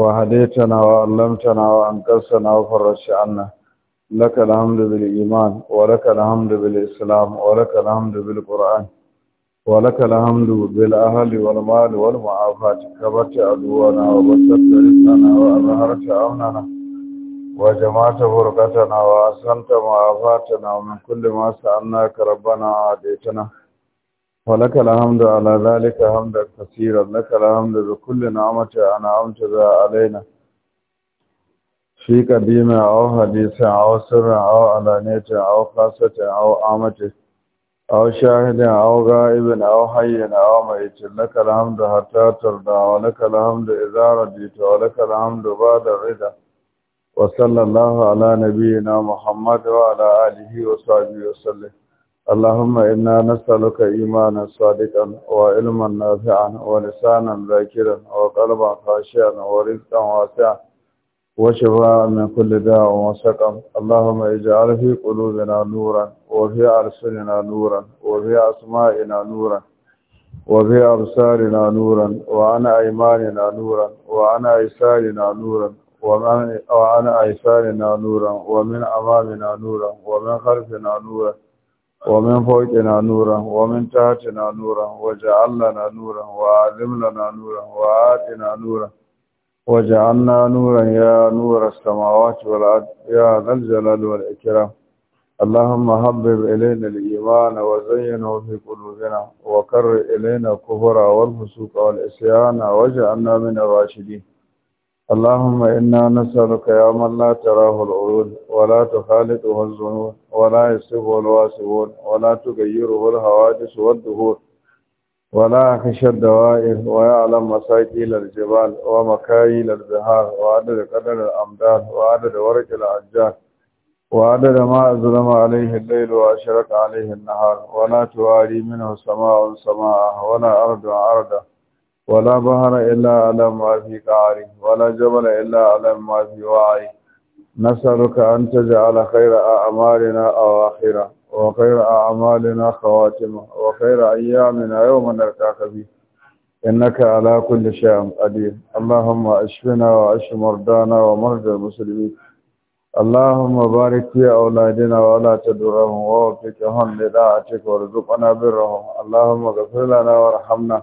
وهديتنا وعلمتنا وأنقذتنا وفرجت عنا لك الحمد بالإيمان ولك الحمد بالإسلام ولك الحمد بالقرآن ولك الحمد بالأهل والمال والمعافاة كبرت عدونا وبسطت رزقنا وأظهرت أمننا وجمعت فرقتنا وأحسنت معافاتنا ومن كل ما سألناك ربنا عاديتنا ولك الحمد على ذلك حمدا كثيرا لك الحمد بكل نعمة أنعمت بها علينا في قديم أو حديث أو سر أو علانية أو خاصة أو عامة أو شاهد أو غائب أو حي أو ميت لك الحمد حتى ترضى ولك الحمد إذا رضيت ولك الحمد بعد الرضا وصلى الله على نبينا محمد وعلى آله وصحبه وسلم اللهم إنا نسألك إيمانا صادقا وعلما نافعا ولسانا ذاكرا وقلبا خاشعا ورزقا واسعا وشفاء من كل داء وسقم اللهم اجعل في قلوبنا نورا وفي أرسلنا نورا وفي أسمائنا نورا وفي أبصارنا نورا وعن أيماننا نورا وعن أيسارنا نورا وعن أيسارنا نورا ومن أمامنا نورا ومن خلفنا نورا ومن فوقنا نورا ومن تحتنا نورا وجعلنا نورا وعلمنا نورا وآتنا نورا وجعلنا نورا يا نور السماوات والأرض يا ذا الجلال والإكرام اللهم حبب إلينا الإيمان وزينه في قلوبنا وكر إلينا الكفر والفسوق والإسيان وجعلنا من الراشدين اللهم إنا نسألك يا من لا تراه العيون ولا تخالطه الظنون ولا يصفه الواسفون ولا تغيره الحوادث والدهور ولا أخشى الدوائر ويعلم مساكيل الجبال ومكايل البحار وعدد قدر الأمداد وعدد ورق الأشجار وعدد ما أظلم عليه الليل وأشرق عليه النهار ولا تواري منه سماء سماء ولا أرض أرضه ولا بحر إلا على ما في قاري ولا جبل إلا على ما في وعي نسألك أن تجعل خير أعمالنا أواخرة وخير أعمالنا خواتمة وخير أيامنا يوم نلقاك به إنك على كل شيء قدير اللهم أشفنا وأشف مرضانا ومرضى المسلمين اللهم بارك في أولادنا ولا تدرهم ووفقهم لداعتك وارزقنا برهم اللهم اغفر لنا وارحمنا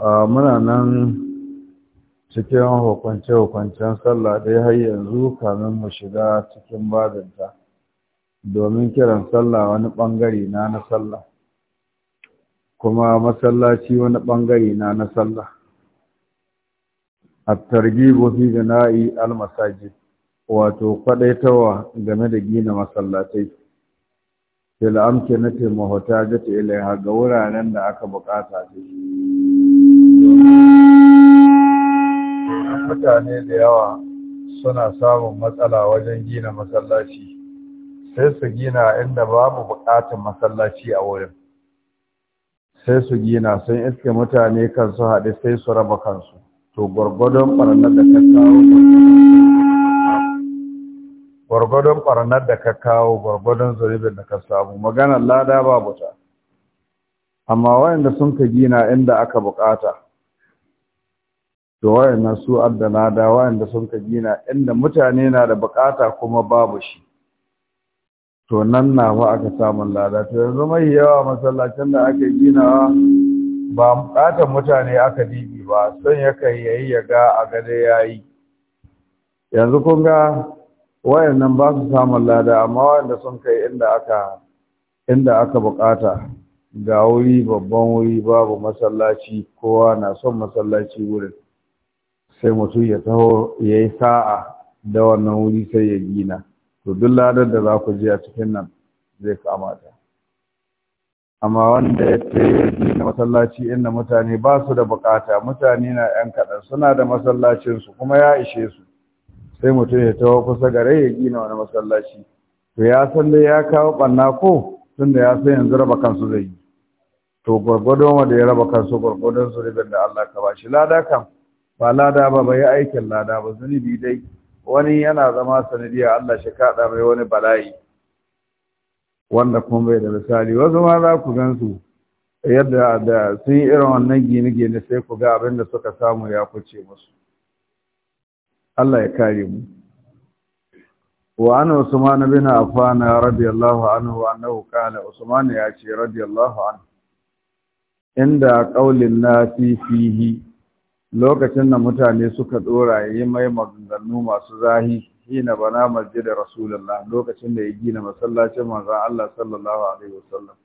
A muna nan cikin hukunce-hukuncen sallah dai har yanzu kamin mu shiga cikin babinta domin kiran sallah wani ɓangare na na sallah kuma masallaci wani ɓangare na na sallah at-targhibu fi bina'i al wato kwadaitawa game da gina masallatai fil amkinati muhtajati ilaiha ga wuraren da aka bukata ta mutane da yawa suna samun matsala wajen gina masallaci sai su gina inda babu bukatun masallaci a wurin sai su gina sun iske mutane kan su haɗe sai su raba kansu to gwargwadon ɓarnar da ka kawo gwargwadon ɓarnar da ka kawo gwargwadon zuribin da ka samu maganar lada babu ta amma wayanda sun ka gina inda aka bukata to wayanda su addana da wayanda sun ka gina inda mutane na da bukata kuma babu shi to nan na fa aka samun lada to yanzu mai yawa masallacin da aka ginawa ba bukatar mutane aka dibi ba ya yakan yayi ya ga a gare yayi yanzu kun ga wayannan ba su samun lada amma wayanda sun kai inda aka inda aka bukata ga wuri babban wuri babu masallaci kowa na son masallaci wurin sai mutum ya taho ya yi sa'a da wannan wuri sai ya gina to duk ladar da za ku je a cikin nan zai kamata amma wanda ya gina masallaci inda mutane ba su da bukata mutane na yan kaɗan suna da masallacinsu kuma ya ishe su sai mutum ya taho kusa gare ya gina wani masallaci to ya san dai ya kawo ɓanna ko tunda ya san yanzu raba kansu zai yi to gwargwadon wanda ya raba kansu gwargwadon zunubin da Allah ka bashi lada kan ba lada ba bai aikin lada ba zunubi dai wani yana zama sanadiyar Allah shi kaɗa mai wani bala'i wanda kuma bai da misali wasu ma za ku su yadda da sun yi irin wannan gine-gine sai ku ga abin da suka samu ya kuce musu Allah ya kare mu wa an Usman bin Affan radiyallahu anhu annahu qala Usman ya ce radiyallahu anhu inda ƙaulin na fihi lokacin da mutane suka ɗora yi mai maganganu masu zahi hina bana da rasulullah lokacin da ya gina masallacin maza Allah sallallahu alaihi wasallam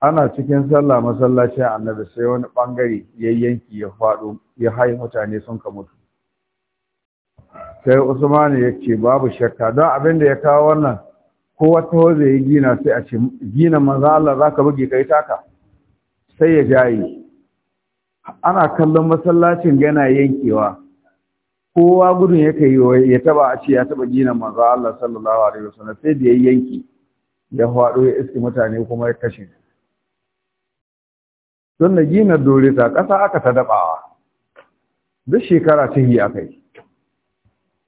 ana cikin sallah masallacin annabi sai wani ɓangare ya yanki ya faɗo ya hai mutane sun ka mutu sai Usman ya ce babu shakka don abin da ya kawo wannan ko wata hoze ya gina sai a ce gina manzon Allah zaka buge kai taka sai ya jaye ana kallon masallacin yana yankewa kowa gudun yake yi ya taba a ce ya taba gina manzo Allah sallallahu alaihi wasallam sai da ya yanki ya hwado ya iske mutane kuma ya kashe don na gina dole ta ƙasa aka ta dabawa duk shekara ta yi kai.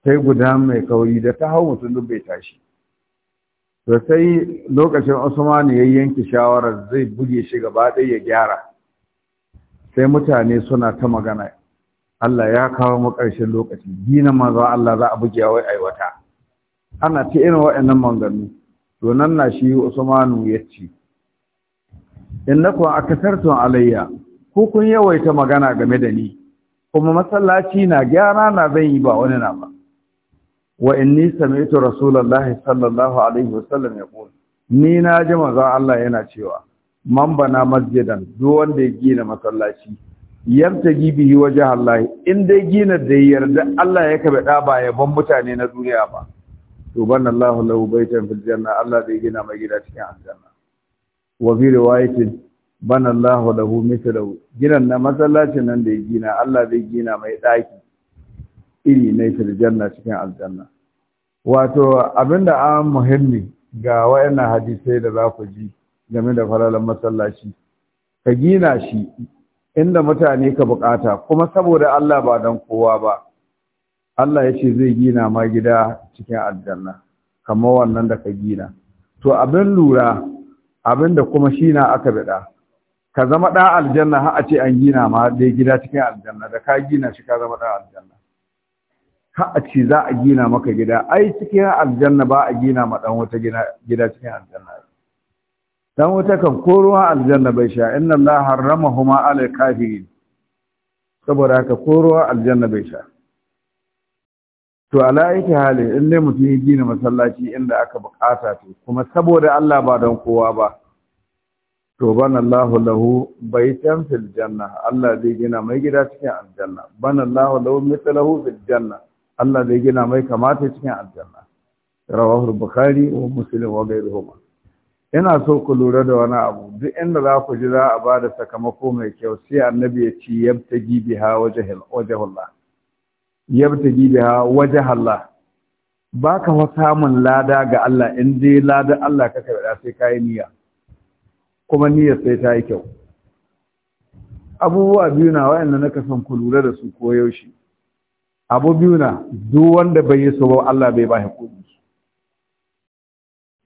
sai guda mai kauri da ta hau mutum duk bai tashi Sosai lokacin Usmanu ya yanke shawarar zai buge shi gaba ɗaya ya gyara sai mutane suna ta magana Allah ya kawo mu ƙarshen lokaci dinin maza Allah za a buge wai aiwata ana ta irin waɗannan manganu to nan na shi Usmanu ya ce innakum akasartum alayya ku kun yawaita magana game da ni kuma masallaci na gyara na zan yi ba wani na ba wa inni sami'tu rasulullahi sallallahu alaihi ya yaqul ni na ji manzo Allah yana cewa man bana masjidan duk wanda ya gina masallaci Yanta bihi wajha Allah in dai gina da yarda Allah ya kabe da ba ban mutane na duniya ba to banna Allah lahu baitan fil janna Allah zai gina mai gida cikin aljanna wa fi riwayatin banallahu lahu mithlu ginan na masallacin nan da ya gina Allah zai gina mai daki iri na fil janna cikin aljanna wato abinda an muhimmi ga wayannan hadisai da za ku ji game da falalan masallaci ka gina shi inda mutane ka bukata kuma saboda Allah ba dan kowa ba Allah ya ce zai gina ma gida cikin aljanna kamar wannan da ka gina to abin lura abin da kuma shi na aka bida ka zama ɗan aljanna har a ce an gina ma dai gida cikin aljanna da ka gina shi ka zama ɗan aljanna har a ce za a gina maka gida ai cikin aljanna ba a gina ma dan wata gida cikin aljanna dan wata kan ko ruwan aljanna bai sha inna allaha harramahuma ala kafirin saboda haka ko ruwan aljanna bai sha to ala yake hali in dai mutum ya gina masallaci inda aka bukata to kuma saboda Allah ba dan kowa ba to banallahu lahu baitan fil janna Allah zai gina mai gida cikin aljanna Banallahu lahu mithlahu fil janna Allah zai gina mai kamata cikin aljanna rawahu bukhari wa muslim wa ghayruhuma ina so ku lura da wani abu duk inda za ku ji za a ba da sakamako mai kyau sai annabi ya ce yabtagi biha wajhal wajhullah yabtagi biha wajhallah baka wa samun lada ga Allah in dai lada Allah ka karɓa sai kai niyya kuma niyyar sai ta yi kyau abubuwa biyu na wayanda naka son ku lura da su ko yaushe. abu biyu na duk wanda bai yi ba Allah bai ba shi kuɗi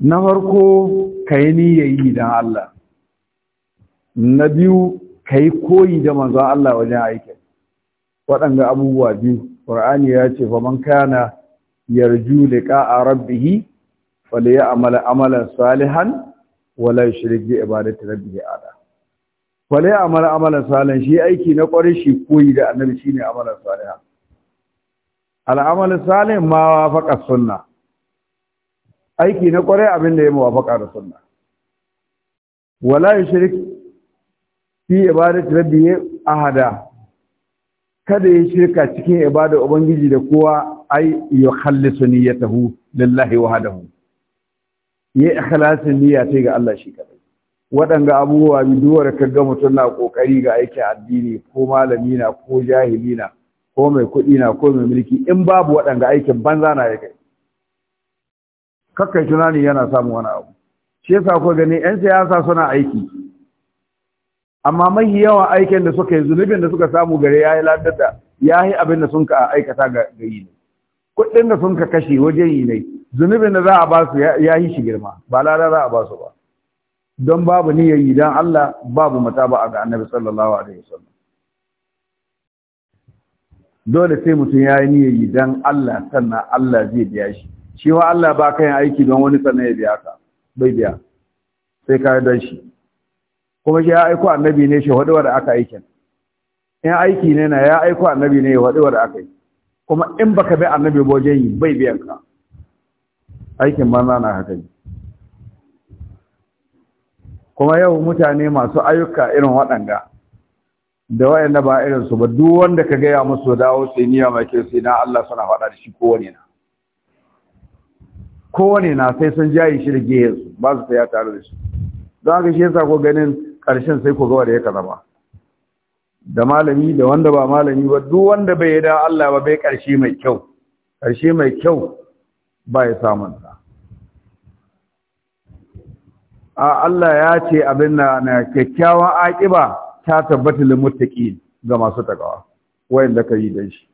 na farko ka yi niyyayi don Allah na biyu ka yi koyi da manzon Allah wajen aikin waɗanda abubuwa biyu ƙur'ani ya ce fa man kana yarju liqa'a rabbih ya'mal amalan salihan wala yushrik bi ibadati rabbih ahada ya'mal amalan salihan shi aiki na kwarai shi koyi da annabi shine amalan salihan al'amal Salim ma faƙa sunna aiki na kware abin da ya muwafaqa da sunna wala yushrik fi ibadati rabbi ahada kada ya shirka cikin ibada ubangiji da kowa ai ya niyyatahu lillahi wahdahu ya ikhlasin niyya ce ga Allah shi kadai waɗanga abubuwa biduwar ka ga mutum na ƙoƙari ga aikin addini ko malami na ko jahilina. ko mai kuɗi na ko mai mulki in babu waɗanga aikin banza na ya kai kakkai tunani yana samun wani abu shi yasa ko gani yan siyasa suna aiki amma mai yawan aikin da suka yi zunubin da suka samu gare ya yi ladata ya yi abin da sun ka aikata ga yi ne kuɗin da sun ka kashe wajen yi ne zunubin da za a ba ya yi shi girma ba lada za a ba ba don babu niyyar yi don Allah babu mata ba a ga annabi sallallahu alaihi wasallam dole sai mutum ya yi niyayi don Allah sannan Allah zai biya shi shi wa Allah ba ka yin aiki don wani sannan ya biya ka bai biya sai ka yi don shi kuma shi ya aiko annabi ne shi hudu da aka aikin in aiki ne na ya aiko annabi ne ya hudu da aka yi kuma in baka bi annabi wajen yi bai biyan ka aikin manza na haka ne kuma yau mutane masu ayyuka irin waɗanda da da ba irin su ba duk wanda ka gaya musu dawo sai niyya mai kyau sai na Allah suna faɗa da shi kowane na kowane na sai sun jayi shi da gehen su ba su tsaya tare da shi don haka shi yasa ko ganin ƙarshen sai ko ga wanda ya kaza ba da malami da wanda ba malami ba duk wanda bai da Allah ba bai ƙarshe mai kyau ƙarshe mai kyau ba ya samun sa a Allah ya ce abin na kyakkyawan aƙiba ta tabbata lil muttaqin ga masu takawa wayanda kai dan shi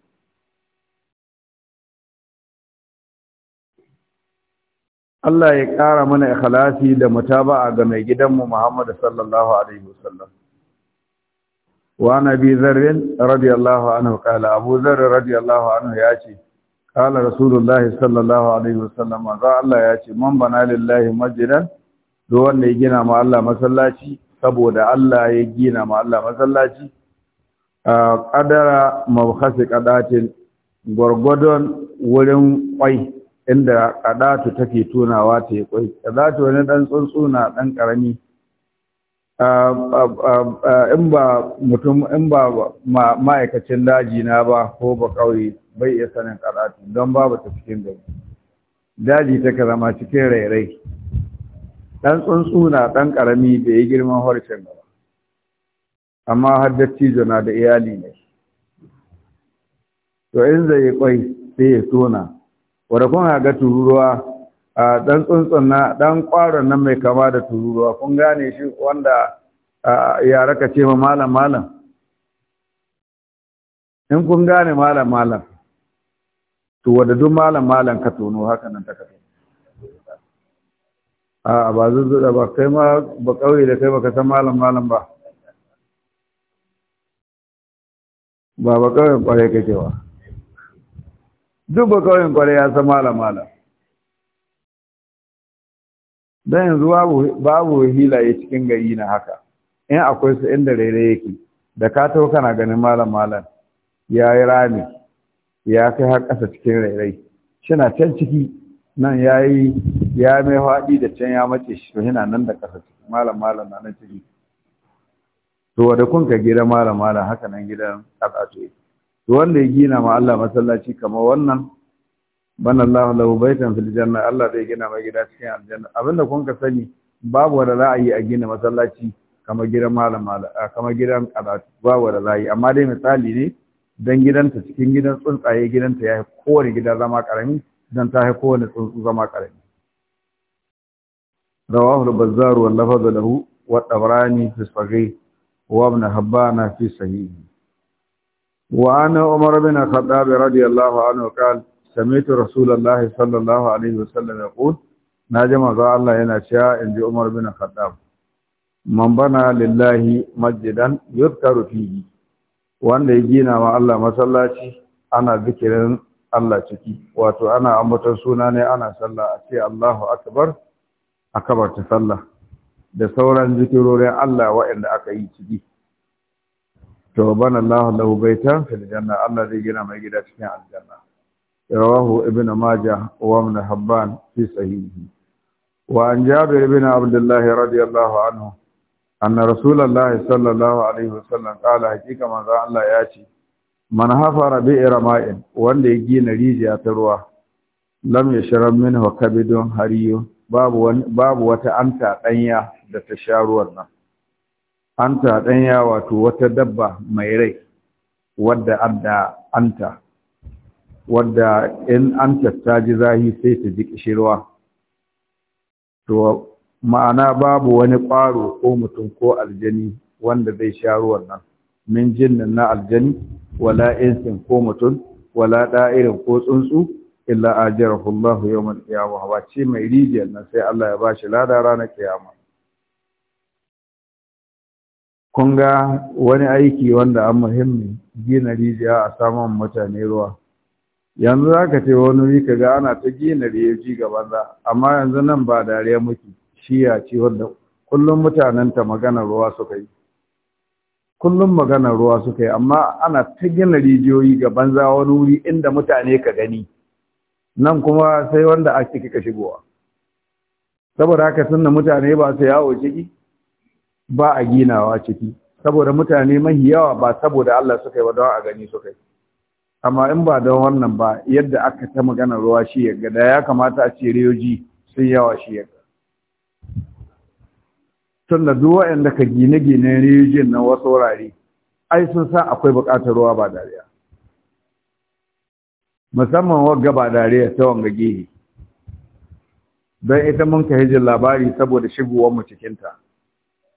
Allah ya ƙara mana ikhlasi da mutaba'a ga mai gidanmu Muhammad sallallahu alaihi wasallam. Wa nabi Dharr radiyallahu anhu qala Abu Dharr radiyallahu anhu ya ce qala Rasulullah sallallahu alaihi wasallam za Allah ya ce man bana lillahi majidan do wanda ya gina ma Allah masallaci saboda Allah ya gina ma Allah masallaci ƙadara mabhasi ƙadatin gwargwadon wurin ƙwai inda ƙadatu take tunawa ta yi ƙwai ƙadatu wani ɗan tsuntsuna ɗan ƙarami in ba mutum in ba ma'aikacin daji na ba ko ba ƙauye bai iya sanin ƙadatu don babu ta cikin gari daji ta zama cikin rairai ɗan tsuntsu na ɗan ƙarami da ya girman harshen gaba amma har dattijo na da iyali ne to in zai yi kwai sai ya tona wadda kun ga tururuwa a ɗan tsuntsun na ɗan ƙwaron nan mai kama da tururuwa kun gane shi wanda ya ka ce ma malam malam in kun gane malam malam to wadda duk malam malam ka tono haka nan ta ka a ba zuzzuɗa ba kai ma ba ƙauye da kai ba ka san malam malam ba ba ba ƙauyen ƙwarai kake wa duk ba ƙauyen ƙwarai ya san malam malam don yanzu babu hilaye cikin gari na haka in akwai su inda rere yake da ka tau kana ganin malam malam ya yi rami ya kai har ƙasa cikin rairai shina can ciki nan ya yi ya mai haɗi da can ya mace shi to yana nan da ƙasa ciki malam malam na nan ciki to wanda kun ka gida malam malam haka nan gidan ƙasa to to wanda ya gina ma Allah masallaci kamar wannan bana Allah lahu baitan fil janna Allah zai gina mai gida cikin aljanna abinda kun ka sani babu wanda za a yi a gina masallaci kamar gidan malam malam kamar gidan ƙasa babu wanda za a yi amma dai misali ne dan gidanta cikin gidan tsuntsaye gidanta ya kowane gida zama karami dan ta kowane tsuntsu zama karami رواه البزار واللفظ له والطبراني في الصحيح وابن حبان في صحيح وعن عمر بن الخطاب رضي الله عنه قال سمعت رسول الله صلى الله عليه وسلم يقول ناجم ذا الله ينا شاء عند عمر بن الخطاب من بنى لله مسجدا يذكر فيه wanda ya gina wa Allah masallaci ana zikirin Allah ciki wato ana ambaton suna ne ana sallah a ce Allahu akbar a ta sallah da sauran zikirorin Allah waɗanda aka yi ciki to bana Allah lahu baitan fil janna Allah zai gina mai gida cikin aljanna rawahu ibnu majah wa ibn habban fi sahihi wa an jabir ibn abdullah radiyallahu anhu anna rasulullah sallallahu alaihi wasallam kala. hakika manzo Allah ya ce man hafara bi irama'in wanda ya gina rijiya ta ruwa lam yashrab minhu kabidun hariyun babu wata anta ɗanya da ta sha ruwan nan anta ɗanya wato wata dabba mai rai wadda adda anta wadda in anta ta ji zahi sai ta ji kishirwa to ma'ana babu wani ƙwaro ko mutum ko aljani wanda zai sha ruwan nan min jinnin na aljani wala insin ko mutum wala da'irin ko tsuntsu illa ajarahu Allah yawmal qiyamah ba ce mai rijiyar nan sai Allah ya bashi lada ranar kiyama kun ga wani aiki wanda an muhimmi gina rijiya a saman mutane ruwa yanzu za ka ce wani wuri ka ga ana ta gina rijiya gaban za amma yanzu nan ba dariya muke shiya ce wanda kullum mutanen ta magana ruwa suka yi kullum maganar ruwa suka yi amma ana ta gina rijiyoyi gaban za wani wuri inda mutane ka gani nan kuma sai wanda a ciki ka shigowa saboda haka tunda mutane ba su yawo ciki ba a ginawa ciki saboda mutane mahi yawa ba saboda Allah suka yi wa don a gani suka yi amma in ba don wannan ba yadda aka ta magana ruwa shi yaga da ya kamata a ce riyoji sun yawa shi yaga tunda duk waɗanda ka gine gine riyojin na wasu wurare ai sun sa akwai bukatar ruwa ba dariya musamman wagga ba dariya ta wanga gehe don ita mun ka hijin labari saboda shigowar mu cikinta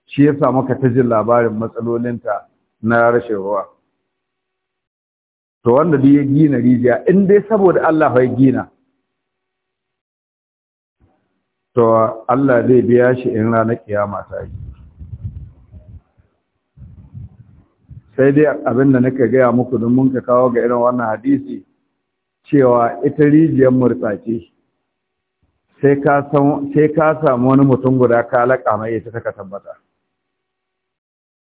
shi yasa muka ta jin labarin matsalolinta na rashin ruwa to wanda duk ya gina rijiya in dai saboda Allah ya gina to Allah zai biya shi in ranar kiyama ta sai dai abin da nake gaya muku don mun ka kawo ga irin wannan hadisi cewa ita rijiyar murtsaki sai ka samu wani mutum guda ka laƙa mai ita ta ka tabbata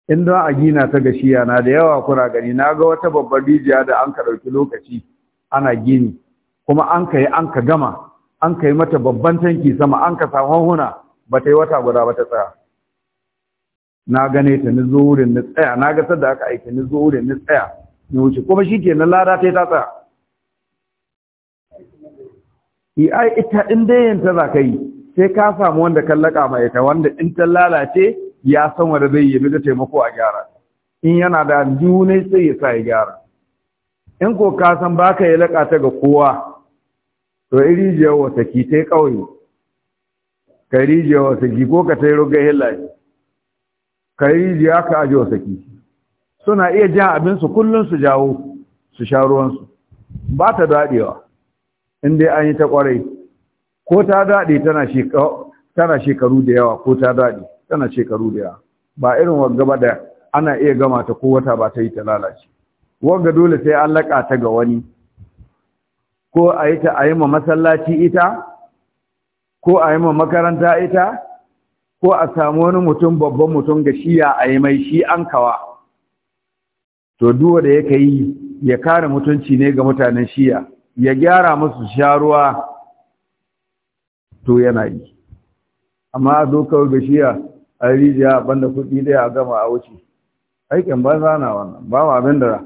in don a gina ta ga shiya na da yawa kuna gani na ga wata babbar rijiya da an ka ɗauki lokaci ana gini kuma an ka yi an ka gama an ka yi mata babban tanki sama an ka samu huna ba ta yi wata guda ba ta tsaya na gane ta ni zo wurin ni tsaya na ga sadda aka aiki ni zo wurin ni tsaya ni wuce kuma shi ke na lada ta yi ta tsaya yi ai ita in dai yanta za ka yi sai ka samu wanda kan laƙa mai ita wanda in ta lalace ya san wanda zai yi da taimako a gyara in yana da juna sai ya sa ya gyara in ko ka san ba ka yi laƙa ta ga kowa to iri rijiyar wata ki ta yi ƙauye ka yi rijiyar wata ki ko ka ta yi rugar hillaye ka yi jiya ka aji wata ki suna iya jan abinsu kullum su jawo su sha ruwansu ba ta daɗewa in dai an yi ta kwarai ko ta daɗe tana shekaru da yawa ko ta daɗe tana shekaru da yawa ba irin wagga ba da ana iya gama ta ko wata ba ta yi ta lalace wagga dole sai an laƙa ta ga wani ko a yi ta a yi ma masallaci ita ko a yi ma makaranta ita ko a samu wani mutum babban mutum ga shiya a yi mai shi an kawa to duwa da yake yi ya kare mutunci ne ga mutanen shiya ya gyara musu sharuwa to yana yi amma a zo kawai shiya a rijiya banda kuɗi ɗaya a gama a wuce aikin ba na wannan ba wa abin da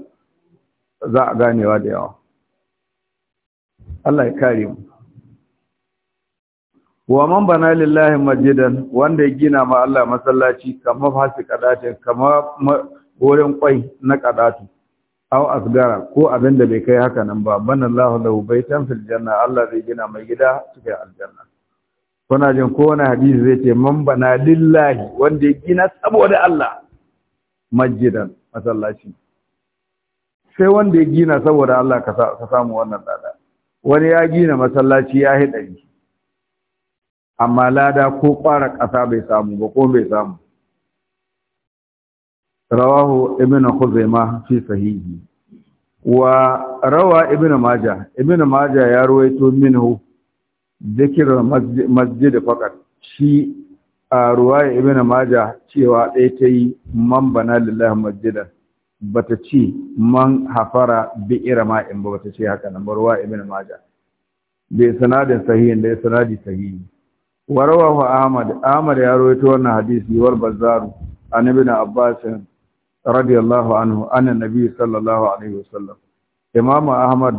za a ganewa da yawa Allah ya kare mu wa man bana lillahi majidan wanda ya gina ma Allah masallaci kamar fasi kadatin kamar wurin kwai na kadatu aw asgara ko abin da bai kai haka nan ba banallahu lahu baitan fil janna Allah zai gina mai gida cikin aljanna kuna jin ko wani hadisi zai ce man bana lillahi wanda ya gina saboda Allah majidan masallaci sai wanda ya gina saboda Allah ka samu wannan lada wani ya gina masallaci ya yi ɗari amma lada ko kwara kasa bai samu ba ko bai samu rawahu ibn khuzaima rawa ibn ya ruwaito minhu dhikr masjid faqat shi a ruwaya ibn majah cewa ɗaya ta yi man bana lillahi masjidan bata ce man hafara bi irama in ba bata ce haka nan ruwa ibn majah bai sanadin sahihin da ya sanadi sahihi wa rawahu ahmad ahmad ya rawaito wannan hadisi war bazzaru an ibn abbas radiyallahu anhu annan nabi sallallahu alaihi wasallam imamu ahmad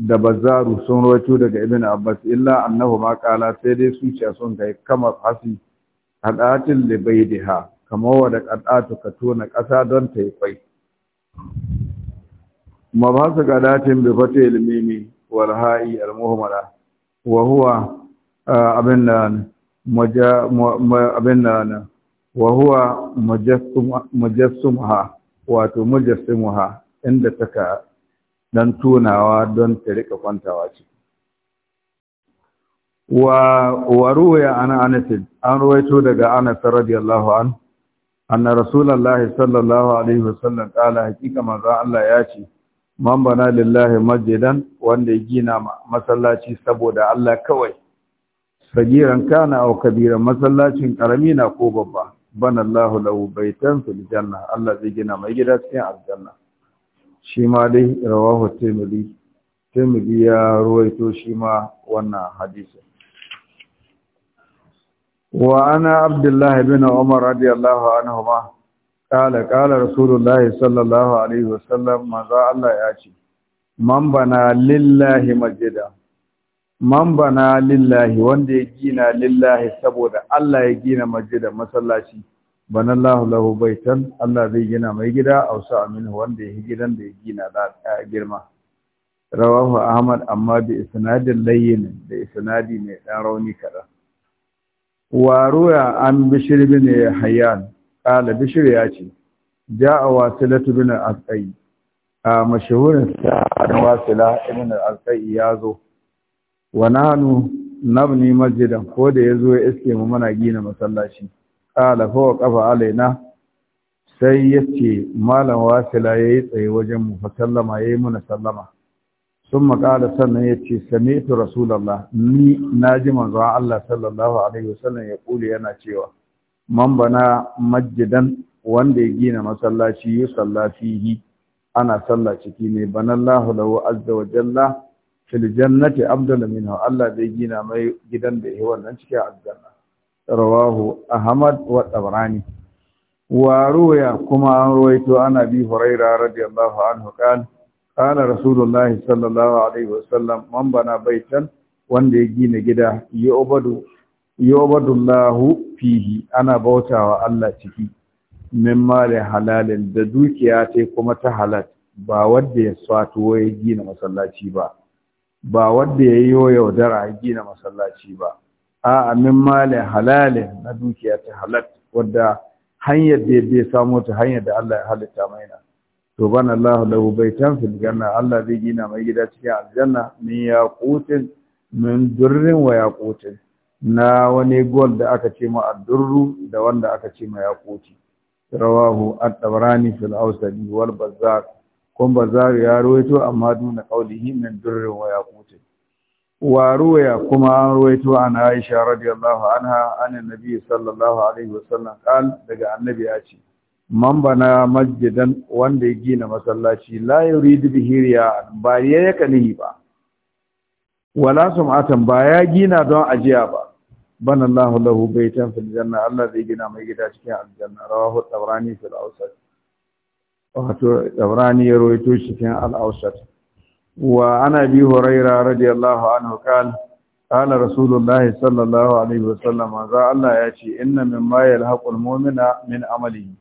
da bazaru sun rawaito daga ibn abbas illa annahu ma qala sai dai su ce sun kai kamar hasi li libaidiha kamar wada qadatu ka tona kasa don ta yi kwai ma ba su qadatin bi fatil ilmimi wal ha'i al muhammala wa huwa ah, abin nan abin wa huwa mujassimha wato mujassimha inda taka dan tunawa don ta rika kwantawa ci wa wa ruwaya ana anas an ruwaito daga anas radiyallahu an anna rasulullahi sallallahu alaihi wasallam kala hakika manzo Allah ya ce man bana lillahi masjidan wanda ya gina masallaci saboda Allah kawai sagiran kana au kabiran masallacin karami na ko babba bana Allahu lahu baitan janna Allah zai gina mai gida cikin aljanna shi ma dai rawahu Tirmidhi ya ruwaito shi ma wannan hadisi wa ana Abdullah ibn Umar radiyallahu ma. qala qala Rasulullah sallallahu alaihi wasallam maza Allah ya ce man bana lillahi majida man bana lillahi wanda ya gina lillahi saboda Allah ya gina da masallaci bana Allah lahu baitan Allah zai gina mai gida ausa aminu wanda ya gidan da ya gina da girma rawahu Ahmad amma bi isnadin layyin da isnadi mai dan rauni kada wa ruya an bishir bin hayyan qala bishir ya ce ja'a wasilatu bin al-asqai a mashhurin da wasila ibn al-asqai yazo wa nanu nabni masjidan ko da yazo ya iske mu muna gina masallaci qala fa wa qafa alaina sai yace malam wasila yayi tsaye wajen mu fa sallama yayi muna sallama ثم قال سنة يتي سمعت Ni na ji ناجي Allah الله صلى الله ya kula yana cewa man bana masjidan wanda ya gina masallaci yusalla fihi ana salla ciki ne banallahu lahu azza wa jalla fil jannati minhu Allah zai gina mai gidan da yi wannan cikin aljanna rawahu ahmad wa tabrani wa ruya kuma an ruwaito ana bi huraira radiyallahu anhu qala qala rasulullahi sallallahu alaihi wasallam man bana baitan wanda ya gina gida ya ubadu fihi ana bautawa Allah ciki min mali halalin da dukiya ce kuma ta halal ba wanda ya swato ya gina masallaci ba ba wadda ya yi yaudara a gina masallaci ba a amin malin halalin na dukiya ta halat wadda hanyar da bai samo ta hanyar da Allah ya halitta mai na to bana Allah lahu baitan fil ganna Allah zai gina mai gida cikin aljanna min yaqutin min durrin wa yaqutin na wani gol da aka ce ma addurru da wanda aka ce ma yaquti rawahu at tabarani fil awsadi wal bazzar kun bazaru ya ruwaito amma duna kauli min durrin wa kuce wa ruwaya kuma an ruwaito an Aisha radiyallahu anha anan nabi sallallahu alaihi wasallam qal daga annabi ya ce man bana masjidan wanda ya gina masallaci la yurid bihi riya ba ya yaka nihi ba wala sum'atan ba ya gina don ajiya ba bana Allahu lahu baitan fil janna Allah zai gina mai gida cikin aljanna rawahu at-tabrani fil awsat wato dabrani ya rawaito shi cikin al wa ana bi huraira radiyallahu anhu qala qala sallallahu alaihi wasallam Allah ya ce inna mimma yalhaqul mu'mina min amalihi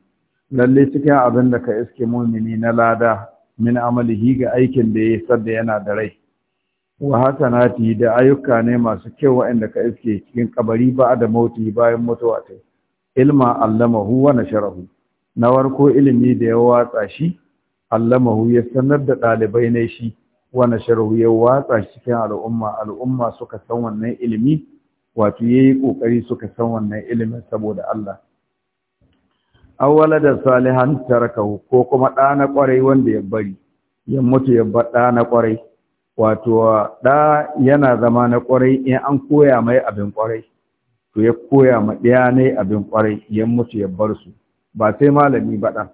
lalle cikin abin da ka iske mu'mini na lada min amalihi ga aikin da ya sadda yana da rai wa hasanati da ayyuka ne masu kyau waɗanda ka iske cikin kabari ba da mauti bayan mutuwa ta ilma allamahu wa nasharahu na warko ilimi da ya watsa shi allamahu ya sanar da ɗalibai ne shi wani sharhu ya watsa cikin al'umma al'umma suka san wannan ilimi wato ya yi ƙoƙari suka san wannan ilimin saboda Allah awwala da salihan tarakahu ko kuma ɗa na ƙwarai wanda ya bari ya mutu ya bar ɗa na ƙwarai wato ɗa yana zama na ƙwarai in an koya mai abin ƙwarai to ya koya ma ɗaya ne abin ƙwarai ya mutu ya bar su ba sai malami ba ɗan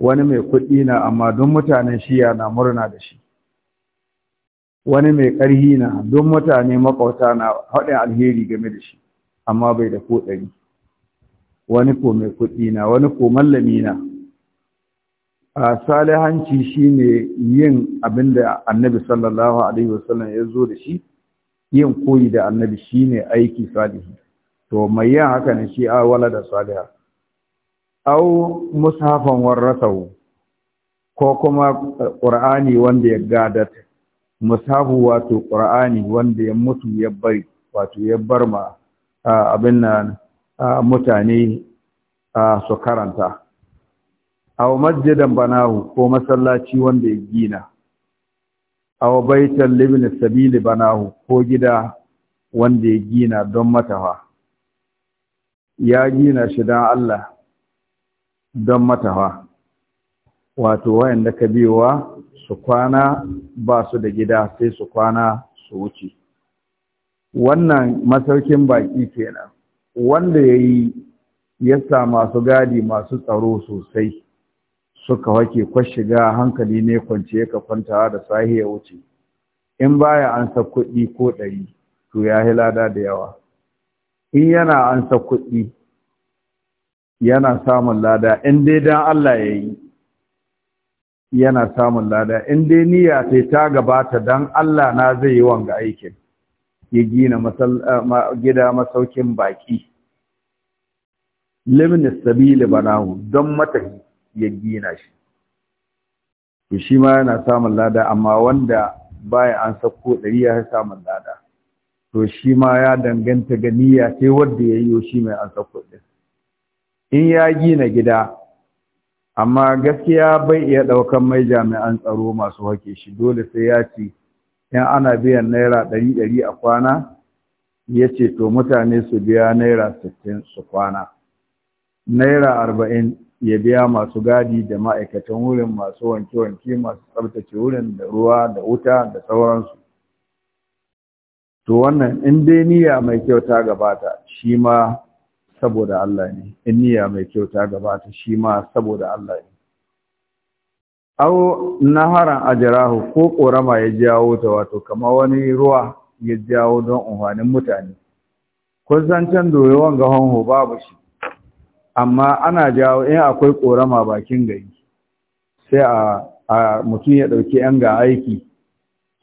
wani mai kuɗi na amma don mutanen shiya na murna da shi wani mai ƙarhi na don mutane makwauta na haɗin alheri game da shi amma bai da ko ɗari wani ko mai kuɗi na wani ko mallami na a salihanci shine yin abin da annabi sallallahu alaihi wasallam ya zo da shi yin koyi da annabi shine aiki salihi to mai yin haka ne shi a wala da saliha au mushafan warrasahu ko kuma ƙur'ani wanda ya gadat mushafu wato qur'ani wanda ya mutu ya bari wato ya bar ma abin nan mutane su karanta aw masjidan banahu ko masallaci wanda ya gina aw baitan libin sabili banahu ko gida wanda ya gina don matawa ya gina shi don Allah don matawa wato wayanda ka biyowa su kwana ba su da gida sai su kwana su wuce wannan masaukin baki kenan wanda ya yi yasa masu gadi masu tsaro sosai suka wake shiga hankali ne kwanci ya kwantawa da sahi ya wuce in baya an sa kuɗi ko ɗari to ya lada da yawa in yana an sa kuɗi yana samun lada in dai dan Allah ya yi yana samun lada in dai niyya sai ta gabata dan Allah na zai yi wanga aikin ya gina eh, gida masaukin baki limin sabili banahu don matahi ya gina shi to shi ma yana samun lada amma wanda baya an sako dari ya samun lada to shi ma ya danganta ga niyya sai wanda ya yi shi mai an sako ɗin in ya gina gida amma gaskiya bai iya ɗaukan mai jami'an tsaro masu hake shi dole sai ya ce in ana biyan naira ɗari ɗari a kwana ya ce to mutane su biya naira sittin su kwana naira arba'in ya biya masu gadi da ma'aikatan wurin masu wanke-wanke masu tsabtace wurin da ruwa da wuta da sauransu to wannan in dai niyya mai kyauta gabata shi ma saboda Allah ne in niyya mai ta gabata shi ma saboda Allah ne Au naharan ajrahu ko korama ya jawo ta wato kama wani ruwa ya jawo don umfanin mutane Ko san can doyewan ga babu shi amma ana jawo in akwai ƙorama bakin gari sai a a mutum ya ɗauki ‘yan ga aiki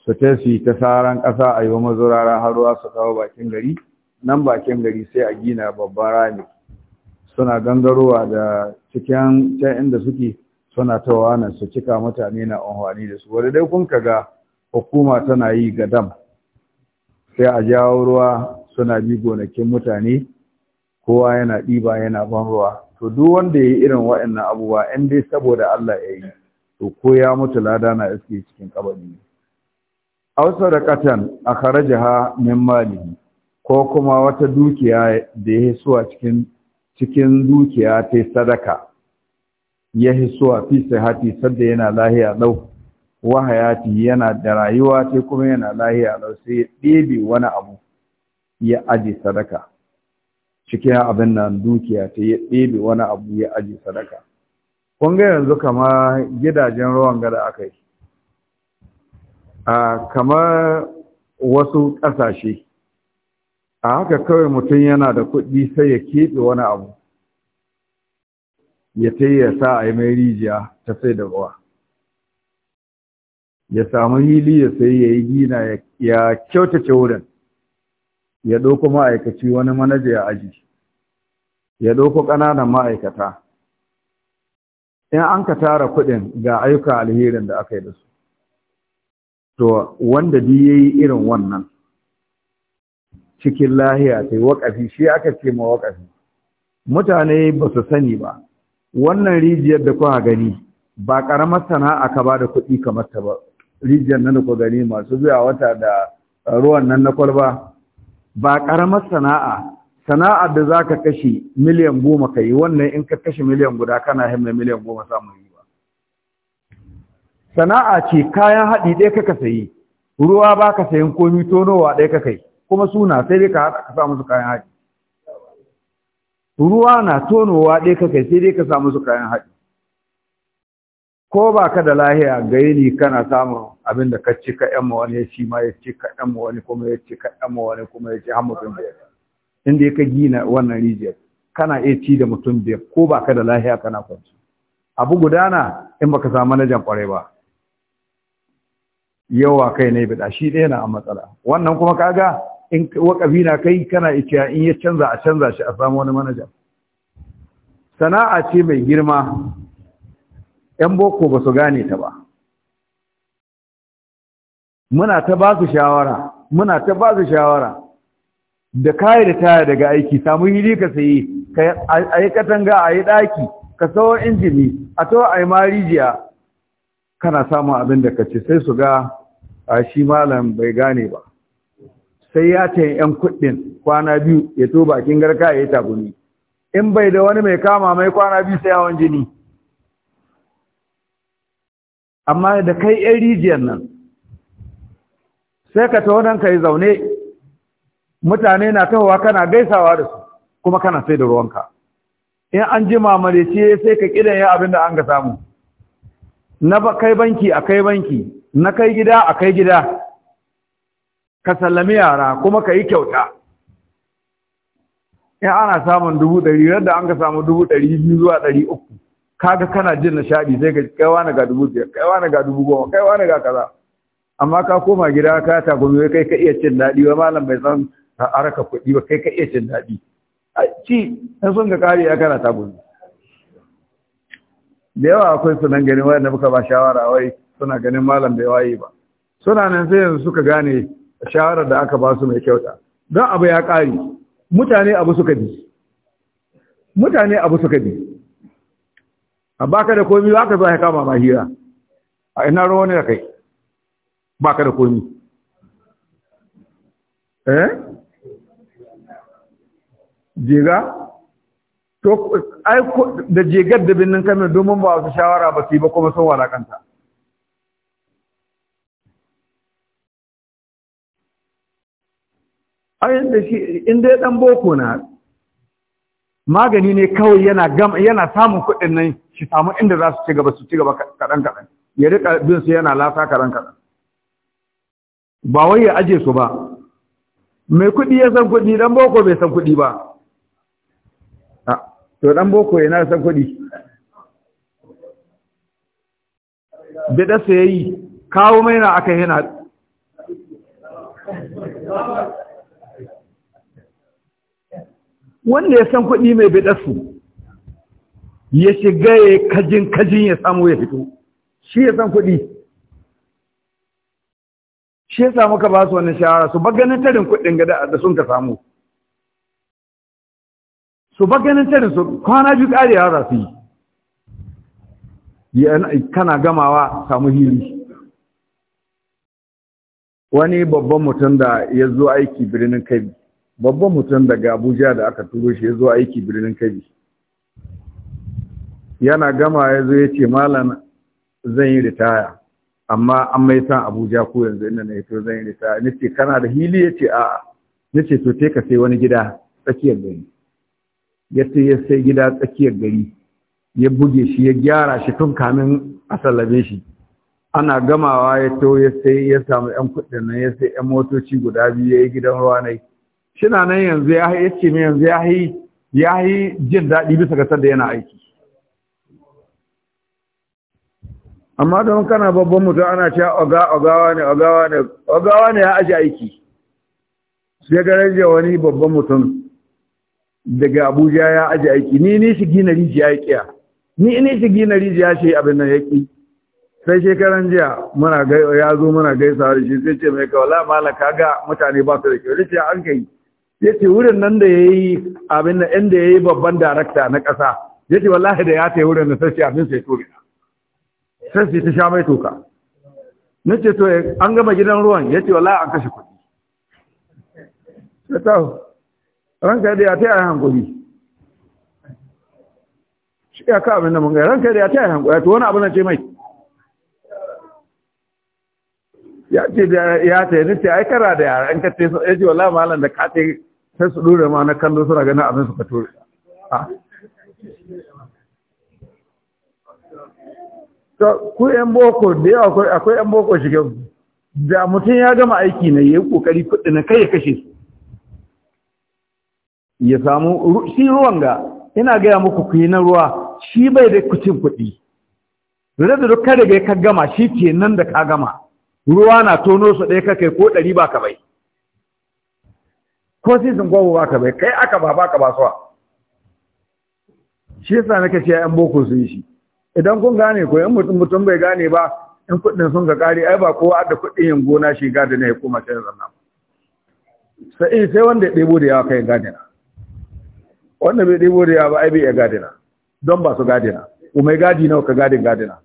su tafi ta saran ƙasa a yi wa mazurara har su kawo bakin gari nan bakin gari sai a gina babban rami suna gangarowa da cikin can inda suke suna tawa su cika mutane na amfani da su wanda dai kun ga hukuma tana yi ga dam sai a jawo ruwa suna bi gonakin mutane kowa yana ɗiba yana ban ruwa to duk wanda ya yi irin waɗannan abubuwa in dai saboda Allah ya yi to ko ya mutu lada na iske cikin kabari ne aw katan akhrajaha min malihi ko kuma wata dukiya da ya hisuwa cikin dukiya ta sadaka ya hisuwa fi sihati sadda yana lahiya lau wa hayati yana da rayuwa ta kuma yana lahiya lau sai ya ɗebe wani abu ya aji sadaka cikin abin nan dukiya ta ya ɗebe wani abu ya aji sadaka kun yanzu kama gidajen ruwan gada aka yi a kamar wasu ƙasashe a haka kawai mutum yana da kuɗi sai ya keɓe wani abu ya ta ya sa a yi mai rijiya ta sai da ruwa ya samu hili ya sai ya yi gina ya kyautace wurin ya ɗauko ma'aikaci wani manaja ya aji ya ɗauko ƙananan ma'aikata in an ka tara kuɗin ga ayyuka alherin da aka yi da su to wanda duk ya yi irin wannan cikin lahiya ta yi waƙafi shi aka ce ma waƙafi mutane ba su sani ba wannan rijiyar da kuwa gani ba ƙaramar sana'a ka ba da kuɗi kamar ta ba rijiyar nan da kuka gani masu zuwa wata da ruwan nan na kwalba ba ƙaramar sana'a sana'ar da za ka kashe miliyan goma ka yi wannan in ka kashe miliyan guda kana himma miliyan goma samun yi ba sana'a ce kayan haɗi ɗaya kaka sayi ruwa ba ka sayin komi tonowa ɗaya kaka yi kuma suna sai dai ka haɗa ka sa musu kayan haɗi ruwa na tonowa ɗaya ka kai sai dai ka sa musu kayan haɗi ko ba ka da lahiya gare ni kana samun abin da ka ci ka ƴan ma wani ya ci ma ya ci ka ƴan ma wani kuma ya ci ka ƴan ma wani kuma ya ci har mutum biyar inda ya ka gina wannan rijiyar kana iya ci da mutum biyar ko ba ka da lahiya kana kwanci abu gudana in baka samu manajan kwarai ba yawa kai ne bida shi ɗaya na a matsala wannan kuma kaga in wakafi na kai kana ikiya in ya canza a canza shi a samu wani manaja sana'a ce mai girma yan boko ba su gane ta ba muna ta ba su shawara muna ta ba su shawara da kayi da taya daga aiki samu hili ka sayi a yi katanga a yi ɗaki ka sawo injini a to a yi marijiya kana samun abin da ka ce sai su ga a shi malam bai gane ba sai ya ce yan kuɗin kwana biyu ya to bakin garka ya yi tagumi in bai da wani mai kama mai kwana biyu sai hawan jini amma da kai yan rijiyar nan sai ka ta wadanka yi zaune mutane na tahowa kana gaisawa da su kuma kana sai da ruwanka in an ji mamalice sai ka ƙidan ya abin da an ga samu na kai banki a kai banki na kai gida a kai gida ka sallami yara kuma ka yi kyauta in ana samun dubu ɗari yadda an ka samu dubu ɗari biyu zuwa ɗari uku kaga kana jin nishaɗi sai ka kaiwa na ga dubu biyar kaiwa na ga dubu goma kaiwa na ga kaza amma ka koma gida ka tagumi kai ka iya cin daɗi ba malam bai san araka kuɗi ba kai ka iya cin daɗi A ci in sun ga kare ya kana gumi da yawa akwai su nan ganin wanda muka ba shawara wai suna ganin malam bai waye ba suna nan sai yanzu suka gane shawarar da aka ba su mai kyauta don abu ya ƙari mutane abu suka bi mutane abu suka bi a baka da komi ba ka zo ya kama ma hira a ina ruwa ne da kai baka da komi eh jiga to ai da jigar da binnin kamar domin ba su shawara ba su yi ba kuma sun walakanta ayin da shi inda ya ɗan boko na magani ne kawai yana samun kuɗin nan shi samu inda za su ci gaba su ci gaba kaɗan kaɗan ya riƙa bin su yana lasa kaɗan kaɗan ba wai ya aje su ba mai kuɗi ya san kuɗi ɗan boko bai san kuɗi ba ah, to ɗan boko yana san kuɗi bida yi kawo mai na aka yana wanda ya san kuɗi mai bidarsu ya shiga ya kajin kajin ya samu ya fito shi ya san kuɗi shi ya samu ka ba su wani shawara su baganin tarin kuɗin gada da sun ka samu su baganin tarin su kwana biyu ƙari ya su yi kana gamawa samu hili wani babban mutum da ya zo aiki birnin kai. babban mutum daga abuja da aka turo shi ya zo aiki birnin kabi yana gama ya zo ya ce malam zan yi ritaya amma an mai san abuja ko yanzu inda na hito zan yi ritaya ni ce kana da hili ya ce a'a ni ce to ka sai wani gida tsakiyar gari ya ce ya sai gida tsakiyar gari ya buge shi ya gyara shi tun kamin a sallame shi ana gamawa ya to ya sai ya samu yan kuɗin nan ya sai yan motoci guda biyu ya yi gidan ruwa na yi. shina nan yanzu ya yace mai yanzu ya yi ya yi jin daɗi bisa ga sanda yana aiki amma don kana babban mutum ana cewa oga ogawa ne ogawa ne ogawa ne ya aji aiki sai ga rage wani babban mutum daga abuja ya aji aiki ni ni shi gina rijiya ya kiya ni ni shi gina rijiya shi abin nan ya ki sai shekaran jiya muna ga ya zo muna gaisawa da shi sai ce mai kawala malaka ga mutane ba su da kyau rijiya an kai ya ce wurin nan da ya yi abin da inda ya yi babban darakta na ƙasa ya ce wallahi da ya ta yi wurin da sassi abin sai tobe sassi ta sha mai toka na ce to an gama gidan ruwan ya ce wallahi an kashe kuɗi ta ranka da ya ta yi hankali shi ya ka abin da mun gaya ranka da ya ta yi hankali to wani abin da ce mai ya ce ya ta yi nufi aikara da yaran ka ce ya ce wallahi malam da ka sai su ɗore ma na kallo suna ganin abin su fato ku yan boko da yawa akwai yan boko da mutum ya gama aiki na ya yi kokari kuɗi na kai ya kashe su ya samu shi ruwan ga ina gaya muku ku yi na ruwa shi bai da kucin kuɗi rada duk ka ga ka gama shi ke nan da ka gama ruwa na tono su ɗaya ka ko ɗari ba ka bai ko sun gwabo ba ka bai kai aka ba ba ka ba suwa shi yasa nake cewa yan boko su yi shi idan kun gane ko yan mutum mutum bai gane ba in kuɗin sun ga ƙari ai ba kowa da kuɗin yin gona shi gada ne ya koma sai zanna sai eh, sai wanda ya ɗebo da yawa kai gadina wanda bai ɗebo da yawa ba ai bai ya gadina don ba su gadina mai gadi nawa ka gadin gadina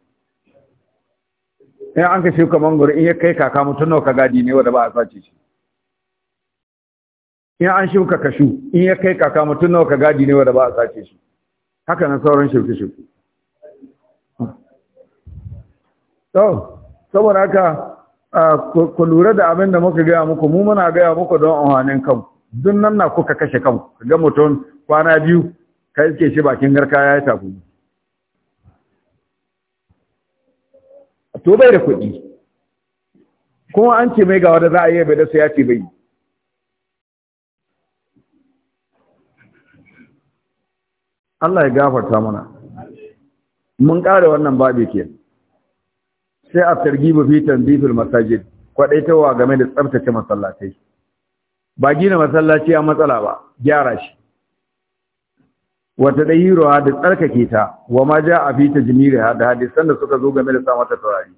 in an ka shi kamar guri in ya kai kaka mutum nawa ka gadi ne wanda ba a sace shi in an shuka kashu in ya kai kaka mutum nawa ka gadi ne wanda ba a sace shi haka nan sauran shirke-shirke to saboda haka ku lura da abin da muka gaya muku mu muna gaya muku don amfanin kanku duk nan na kuka kashe kanku ka ga mutum kwana biyu ka iske shi bakin garka ya yi tafi to bai da kuɗi kuma an ce mai ga wanda za a yi bai da su ya ce bai Allah ya gafarta mana mun ƙare wannan babi ke sai a targibu fi tanzifil masajid kwadaitawa game da tsaftace masallatai ba gina masallaci a matsala ba gyara shi wata dahiruwa da tsarkake ta wa ma ja a fita jimiri da hadisan da suka zo game da sa mata turare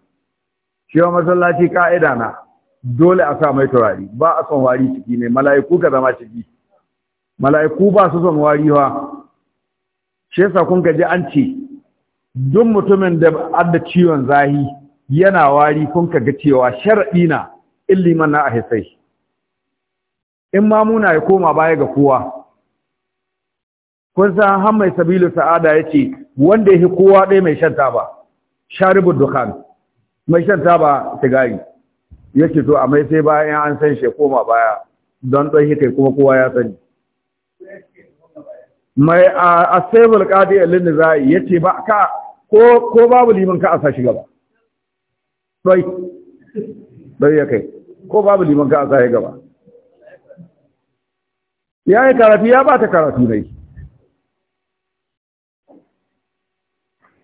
shi wa masallaci ka'ida na dole a sa mai turare ba a son wari ciki ne mala'iku ka zama ciki mala'iku ba su son wari wa shi yasa kun gaji an ce duk mutumin da adda ciwon zahi yana wari kun ga cewa sharadi na illiman na ahisai in ma muna ya koma baya ga kowa kun san har mai sabilu sa'ada yace wanda yake kowa dai mai shan taba sharibu dukan mai shan taba sigari yake to amai sai bayan an san shi koma baya don dai kai kuma kowa ya sani mai a asabul qadi al-nizai yace ba ka ko ko babu liman ka sa shi gaba dai dai ya kai ko babu liman ka sa shi gaba ya yi karatu ya ba ta karatu dai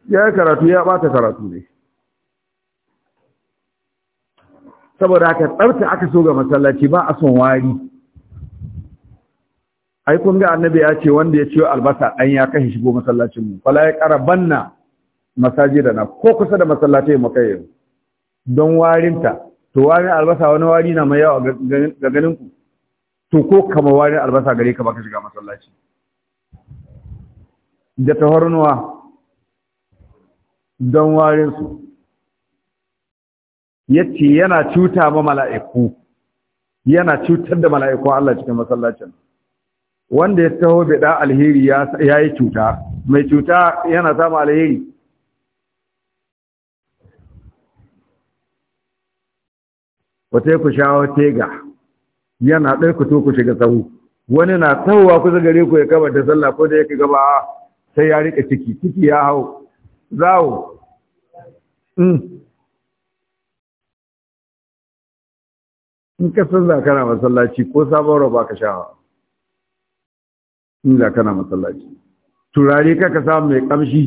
ya yi karatu ya ba ta karatu dai saboda haka tsarta aka so ga masallaci ba a son wari ai kun ga annabi ya ce wanda ya ciyo albasa dan ya kai shigo masallacin mu fala ya karabanna masajidana ko kusa da masallatai mu kai don warinta to warin albasa wani wari na mai yawa ga ganin ku to ko kama warin albasa gare ka baka shiga masallaci da tahornuwa don warin su yace yana cuta ma mala'iku yana cutar da mala'ikun Allah cikin masallacin wanda ya taho bida alheri ya yi cuta mai cuta yana samun alheri wata ku shawo tega yana ɗai ku to ku shiga tsawo wani na tsawowa kusa gare ku ya kama da sallah ko da yake gaba sai ya rika ciki ciki ya hau zawo mm. in ka san zakara masallaci ko sabon roba ka shawa inda kana masallaci turare ka samu mai kamshi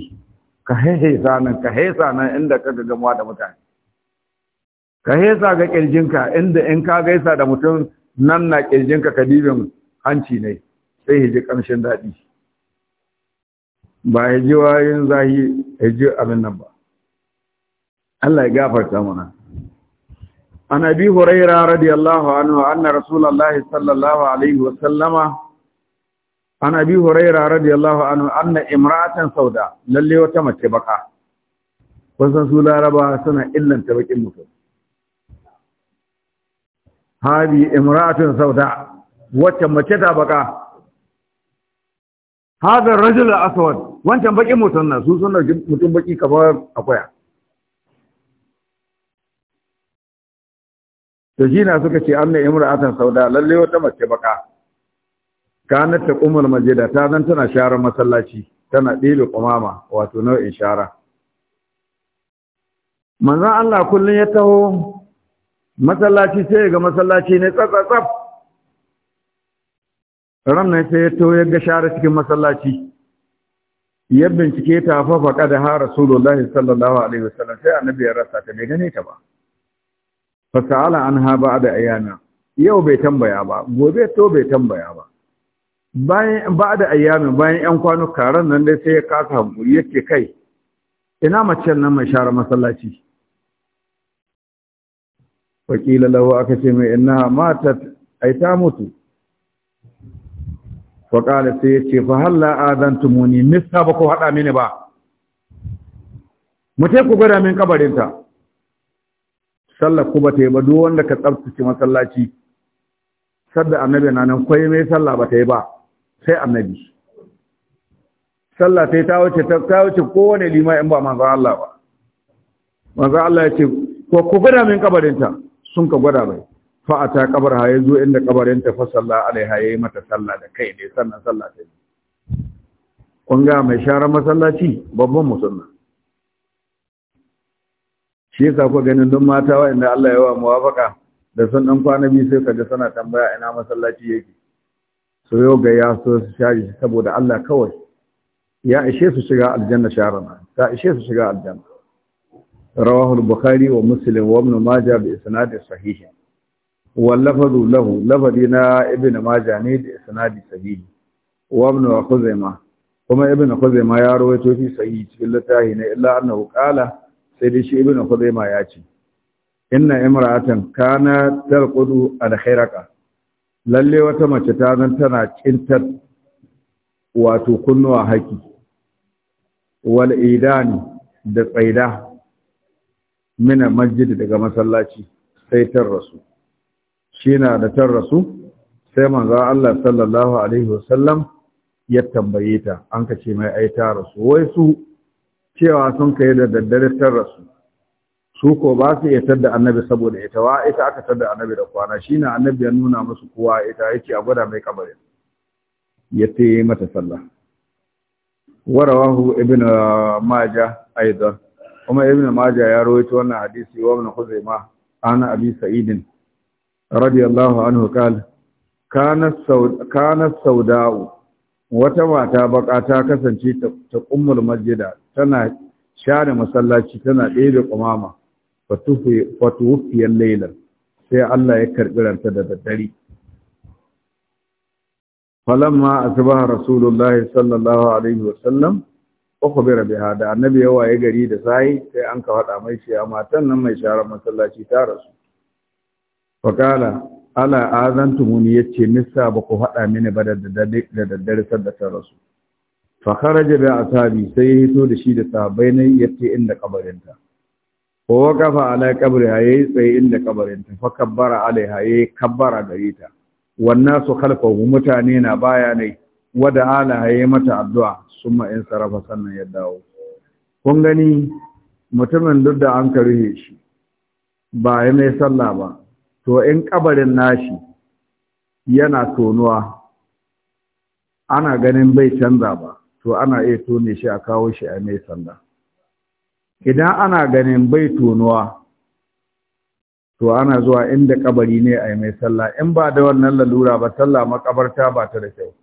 ka haihesa nan ka haisa nan inda ka ga gamuwa da mutane ka haisa ga ka, inda in ka gaisa da mutum nan na kirjinka ka dibin hanci ne sai hiji kamshin daɗi ba ya ji wayoyin zahi ya ji abin nan ba Allah ya gafarta mana an abi hurairah radiyallahu anhu anna rasulullahi sallallahu alaihi wa sallama an abi huraira radiyallahu anhu anna imra'atan sauda lalle wata mace baka kun san su laraba suna illanta bakin mutum hadi imra'atun sauda wacce mace ta baka hada rajul aswad wancan bakin mutum na su suna mutum baki kamar akwaya to jina suka ce anna imra'atan sauda lalle wata mace baka kanat taqumul majida ta zan tana sharar masallaci tana ɗebe kumama wato nau'in shara manzon Allah kullum ya taho masallaci sai ga masallaci ne tsatsatsaf ranar sai ya taho ya ga shara cikin masallaci ya bincike ta fafa faqa da ha rasulullahi sallallahu alaihi wasallam sai annabi ya rasa ta bai gane ta ba fasala anha da ayana yau bai tambaya ba gobe to bai tambaya ba bayan ba da ayyamin bayan yan kwano karen nan dai sai ya kasa hankuri yake kai ina mace nan mai share masallaci wakila lahu aka ce mai ina mata ai ta mutu faƙala sai ya ce fahalla adantumuni nista ba ku haɗa mini ba mutai ku gwada min ƙabarinta. sallar ku ba ta yi ba duk wanda ka tsabtace masallaci sadda annabi na nan kwai mai sallah ba ta yi ba sai annabi sallah sai ta wuce ta wuce kowane lima in ba manzo Allah ba manzo Allah ya ce ko ku min kabarinta sun ka gwada bai fa ata kabar ha zo inda kabarinta fa sallah alaiha yayi mata sallah da kai ne sannan sallah ta kun ga mai sharar masallaci babban musulma shi yasa ku ganin duk mata inda Allah ya wa muwafaka da sun dan kwana biyu sai kaga suna tambaya ina masallaci yake su yoga ya so su shari shi saboda Allah kawai ya ishe su shiga aljanna sharana ta ishe su shiga aljanna rawahu al-bukhari wa muslim wa ibn majah bi isnad sahih wa lafzu lahu lafadina ibn majah ne da isnad sahih wa ibn khuzaimah kuma ibn khuzaimah ya rawaito shi sahih cikin littafi ne illa annahu qala sai dai shi ibn khuzaimah ya ce inna imra'atan kana talqudu al-khiraqa lalle wata mace ta nan tana kintar wato kunnuwa haƙi wal ne da tsaida mina masjid daga masallaci sai tar rasu shi na da tar rasu sai manzo Allah sallallahu alaihi wasallam ya tambaye ta an kace mai ai ta rasu wai su cewa sun kai da daddare tar rasu su ko ba su iya tadda annabi saboda ita wa ita aka tadda annabi da kwana shi na annabi ya nuna musu kowa ita yake a gwada mai kabarin ya ta yi mata sallah warawahu ibn maja aidan kuma ibn maja ya rawaito wannan hadisi wa ibn khuzaima ana abi sa'id radiyallahu anhu kal kana kana sauda'u wata mata baka ta kasance ta kummul masjida tana share masallaci tana ɗebe kumama fatuwufiyar lailar sai Allah ya karɓi ranta da daddare falamma asbaha rasulullahi sallallahu alaihi wasallam ukhbira biha da annabi ya waye gari da sai sai an ka faɗa mai shi matan nan mai share masallaci ta rasu faqala ala azantumuni yace misa ba ku faɗa mini ba da daddare sadda ta rasu fa kharaja bi sai ya hito da shi da sabai na yace inda kabarinta wa kafa ala kabri haye tsaye inda kabarin ta fa kabbara alaiha yayi kabbara gare ta wannan su khalfahu mutane na baya ne wada ala haye mata addu'a summa in sarafa sannan ya dawo kun gani mutumin duk da an karhe shi ba ya mai sallah ba to in kabarin nashi yana tonuwa ana ganin bai canza ba to ana iya tone shi a kawo shi a mai sallah idan ana ganin bai tonuwa to ana zuwa inda kabari ne a yi mai sallah in ba da wannan lalura ba sallah makabarta ba ta da kyau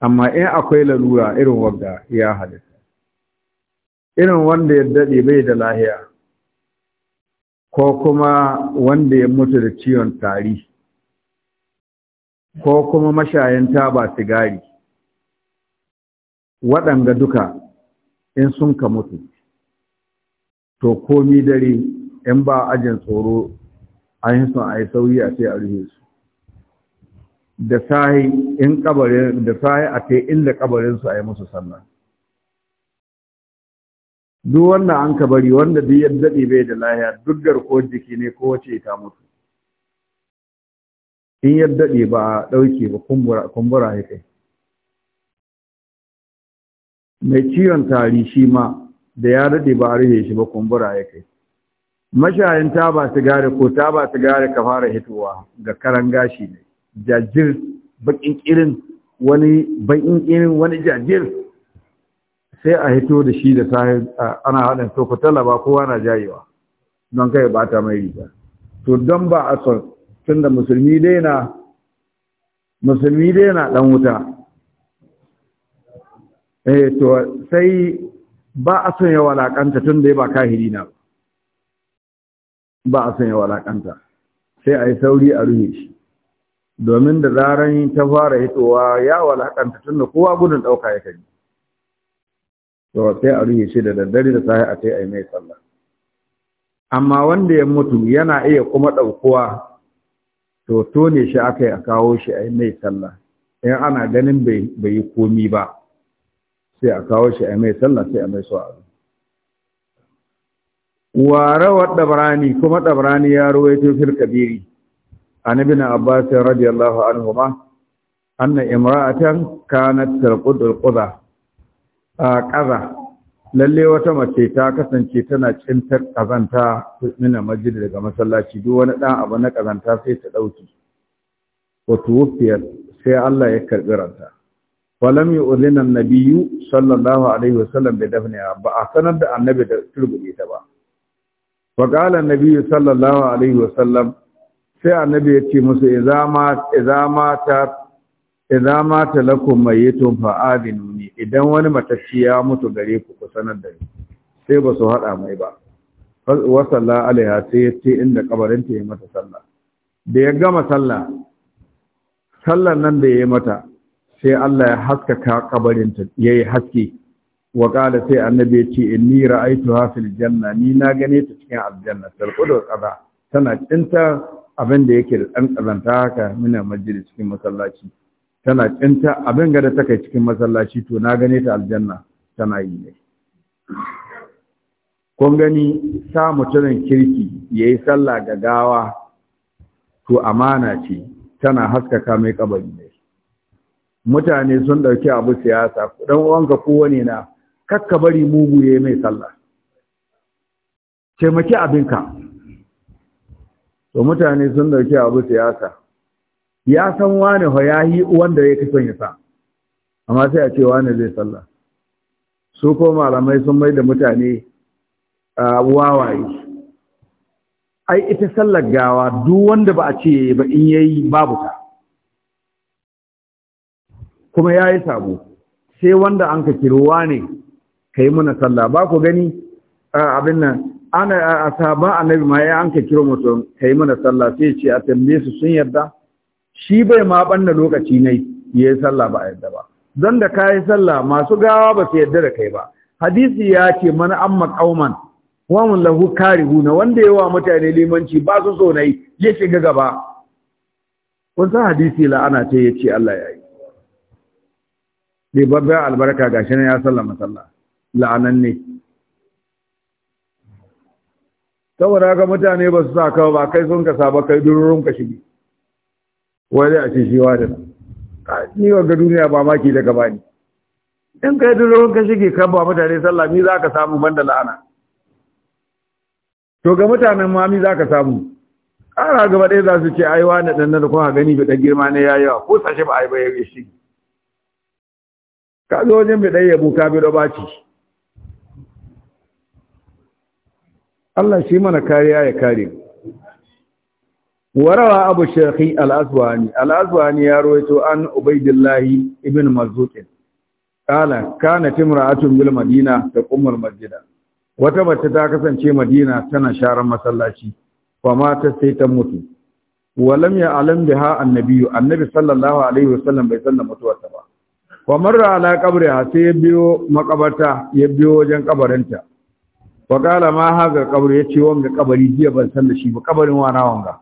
amma in akwai lalura irin wanda ya halitta irin wanda ya daɗe bai da lahiya ko kuma wanda ya mutu da ciwon tari ko kuma mashayan taba sigari waɗanga duka in sun ka mutu to komi dare in ba ajin tsoro an yi son a yi sauyi a ce a rufe su da sahi in a kai inda kabarin su a yi musu sannan. duk wanda an ka bari wanda duk ya bai da lahiya duk ko jiki ne ko wace ta mutu in ya daɗe ba a ɗauke ba kumbura ya mai ciwon tari shi ma da ya daɗe ba a rufe shi ba kumbura ya kai mashayin taba sigari ko taba sigari ka fara hitowa ga karan gashi ne jajir bakin irin wani bakin irin wani jajir sai a hito da shi da sahi ana haɗin to ku talaba kowa na jayewa don kai ba ta mai riga to don ba a son tunda musulmi dai na musulmi dai na dan wuta eh to sai ba a son ya walaƙanta tun da ya ba kahiri na ba a son ya walaƙanta sai a yi sauri a ruhe shi domin da zaren ta fara hitowa ya walaƙanta tun da kowa gudun ɗauka ya kai to sai a ruhe shi da daddare da sahi a sai a yi mai sallah amma wanda ya mutu yana iya kuma ɗaukowa to tone shi aka yi a kawo shi a yi mai sallah in ana ganin bai yi komi ba sai a kawo shi a mai sallah sai a mai su a wa dabrani kuma ɗabrani ya ya fil kabiri A na abbas radiyallahu anhu ma anna imra'atan kanat tarqud alquda a ƙaza, lalle wata mace ta kasance tana cintar kazanta mina majid daga masallaci duk wani ɗan abu na ƙazanta sai ta ɗauki. wato wufiyar sai Allah ya karɓi ranta falam ulinan na biyu? sallallahu alaihi wasallam bi dafniha ba a sanar da annabi da turbuɗe ta ba wa na biyu sallallahu alaihi wasallam sai annabi ya ce musu iza mata lakon mai yi idza ma ta idan wani matashi ya mutu gare ku ku sanar da ni sai ba su haɗa mai ba Wasalla alaiha sai ya ce inda kabarin ta yi mata sallah da ya gama sallah sallan nan da ya yi mata sai Allah ya haskaka kabarinta yayi haske wa kala sai annabi ya ce inni ra'aytuha fil janna ni na gane ta cikin aljanna tarqudu qada tana tsinta abin da yake da dan kazanta haka muna majlis cikin masallaci tana tsinta abin ga da take cikin masallaci to na gane ta aljanna tana yi ne kun gani sa mutumin kirki yayi sallah ga gawa to amana ce tana haskaka mai kabari ne mutane sun ɗauki abu siyasa dan uwanka kowane na kakka bari mugu yayi mai sallah taimaki abinka to mutane sun ɗauki abu siyasa ya san wani hoyahi wanda ya kasan yasa. sa amma sai a ce wani zai sallah su ko malamai sun mai da mutane wawaye ai ita sallar gawa duk wanda ba a ce ba in yayi babu ta kuma ya yi sabo sai wanda an ka kirowa ne ka yi muna sallah ba ku gani abin nan ana a sabon annabi ma ya an ka kiro mutum ka yi muna sallah sai ce a tambaye su sun yarda shi bai ma ɓanna lokaci na ya yi sallah ba a yarda ba don da ka yi sallah masu gawa ba su yarda da kai ba hadisi ya ce mana an maƙauman wamun lahu karihuna wanda yawa mutane limanci ba su so ya shiga gaba kun san hadisi la'ana ce ya ce Allah ya yi ribabben albarka ga shi ne ya sallama sallah la'anan ne saboda haka mutane ba su sa kawo ba kai sun kasa ba kai dururun ka shige wai dai a ce shi wa da ni wa ga duniya ba maki daga bani in kai dururun ka shige kan ba mutane sallah mi za ka samu banda la'ana to ga mutanen ma mi za ka samu ƙara gaba ɗaya za su ce ai wani na ɗan da kuma gani bi ɗan girma ne ya yawa ko sashe ba a yi ba ya shi ka zo wajen mai ɗaya yabo ka bi da baci Allah shi mana kariya ya kare warawa abu shekhi al’azwani al’azwani ya roito an ubaidillahi ibn mazukin kala kana timra'atun bil madina da kummar masjida wata mace ta kasance madina tana sharar masallaci fa mata sai ta mutu walam ya alam ha annabiyyu annabi sallallahu alaihi wasallam bai sallama mutuwarta ba wa marra ala qabriha sai ya biyo makabarta ya biyo wajen kabarinta wa qala ma haza qabri yace wanga kabari jiya ban san da shi ba kabarin wana wanga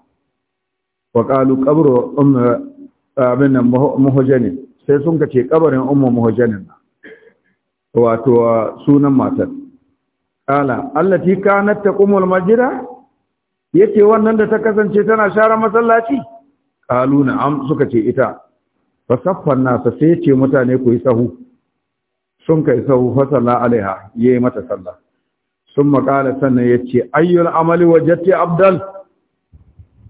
wa qalu qabru ummu abin muhajjani sai sun kace kabarin ummu muhajjani wato sunan matar kala allati kanat taqumul majra yace wannan da ta kasance tana share masallaci qalu am suka ce ita fasaffan nasa sai ce mutane ku yi sahu sun kai sahu fasalla alaiha ya yi mata sallah sun makala sannan ya ce ayyul amali wajatti abdal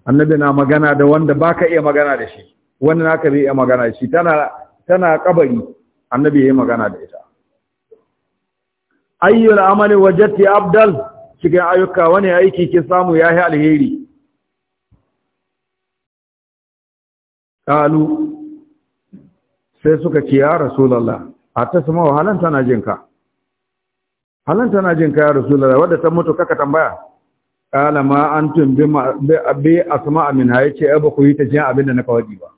annabi na magana da wanda baka iya magana da shi wanda naka bai iya magana da shi tana tana kabari annabi ya yi magana da ita ayyul amali wajatti abdal cikin ayyuka wani aiki ki samu yayi alheri qalu sai suka ce ya rasulallah a ta sama halan tana jinka halan tana jinka ya rasulallah, wadda ta mutu kaka tambaya kala ma antum bi bi asma min ha ai ba ku yi ta jin abinda na kawadi ba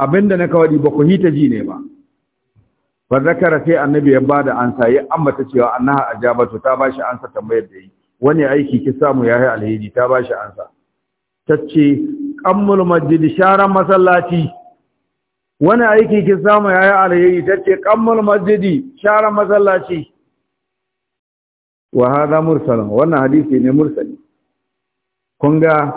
abinda na kawadi ba ku yi ta ji ne ba fa zakara sai annabi ya bada ansa ya ambata cewa annaha ajabatu ta bashi ansa tambayar da yi wani aiki ki samu yayi alheri ta bashi ansa tace kammul masjid sharan masallaci wani aiki ki samu yayi alheri ce kammal masjidi share masallaci wa haza mursalin wannan hadisi ne mursali kun ga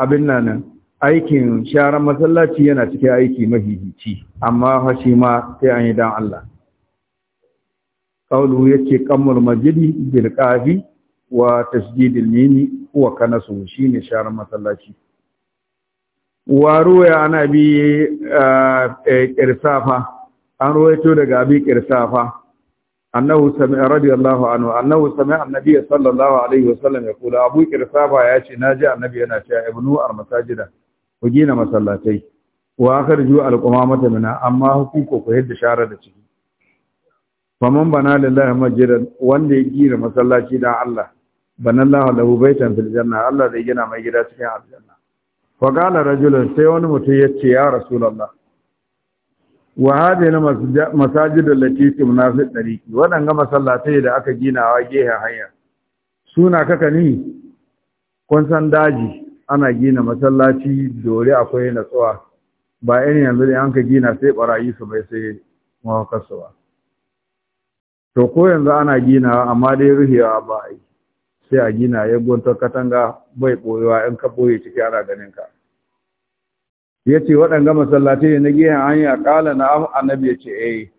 abin nan aikin share masallaci yana cikin aiki hici amma hashi ma sai an yi dan Allah ya ce kammal masjidi bil wa tasjidil mini wa kanasu shine share masallaci waro ya ana bi ƙirsafa e, an ruwaito daga abi ƙirsafa annahu sami'a radiyallahu anu annahu sami'a annabi sallallahu alaihi wasallam ya kula abu ƙirsafa ya ce ji annabi yana a ibnu al-masajida ku gina masallatai wa rijo al mata mina amma hukuku ku yadda shara da ciki faman bana lillahi majidan wanda ya gina masallaci da Allah banallahu lahu baitan fil janna Allah zai gina mai gida cikin aljanna fagala rajulun sai wani mutum ya ce ya rasulallah wa na masajidul lati tumna fi dariqi wadanga masallatai da aka gina wa gehen hanya suna kaka ni kun san daji ana gina masallaci dore akwai natsuwa ba irin yanzu da an ka gina sai barayi su bai sai mawakarsu ba to ko yanzu ana ginawa amma dai ruhewa ba yi sai a gina ya gwantar katanga bai ɓoyewa in ka ɓoye ciki ana ganin ka ya ce waɗanga masallatai na giyan hanya ƙala na annabi ya ce eh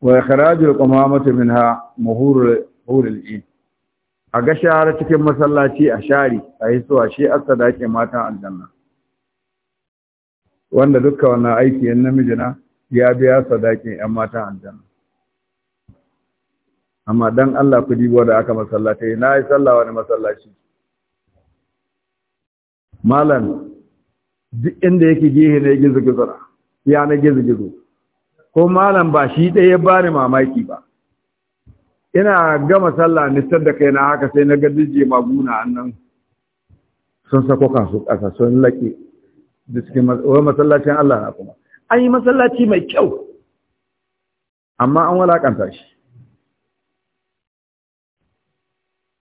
wa ikhrajul qamamati minha muhurul hurul in a ga shahara cikin masallaci a shari a yi suwa shi matan aljanna wanda dukkan wannan aiki yan namiji na ya biya sadakin yan matan aljanna amma dan Allah ku dibo da aka masallata, na yi sallah wani masallaci malam duk inda yake gehe ne gizo gizo na ya na gizo gizo ko malam ba shi ɗaya ya bani mamaki ba ina gama sallah nisar da kaina haka sai na ga dije maguna annan sun sako kasu ƙasa sun laƙe da cikin masallacin Allah na kuma an yi masallaci mai kyau amma an walakanta shi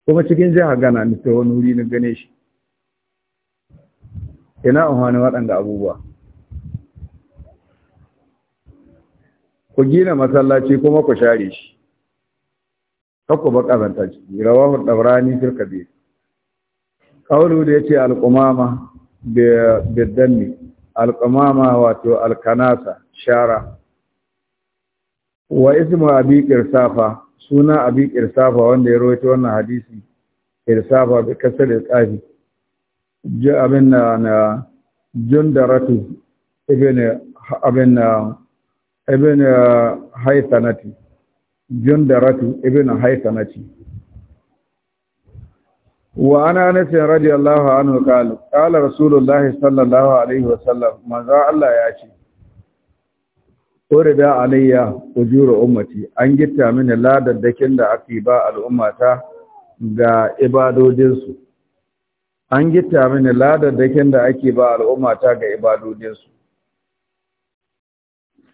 kuma cikin jihar gana da ta wani wuri na gane shi ina amfani waɗanda abubuwa ku gina masallaci kuma ku share shi kakku ba ƙazanta ciki rawahu ɗaurani fil kabir kaulu da yace alqumama bi danni alqumama wato alkanasa shara wa ismu abi qirsafa suna abi irsafa wanda ya rawaito wannan hadisi irsafa bi kasar irqabi abin na na jundaratu ibn abin na ibn haythanati jundaratu ibn haythanati wa ana anas radiyallahu anhu qala qala rasulullahi sallallahu alaihi wasallam maza Allah ya ce urida alayya ujuru ummati an gita mini ladaddakin da ake ba al'ummata ga ibadodinsu an gita mini ladaddakin da ake ba al'ummata ga ibadodinsu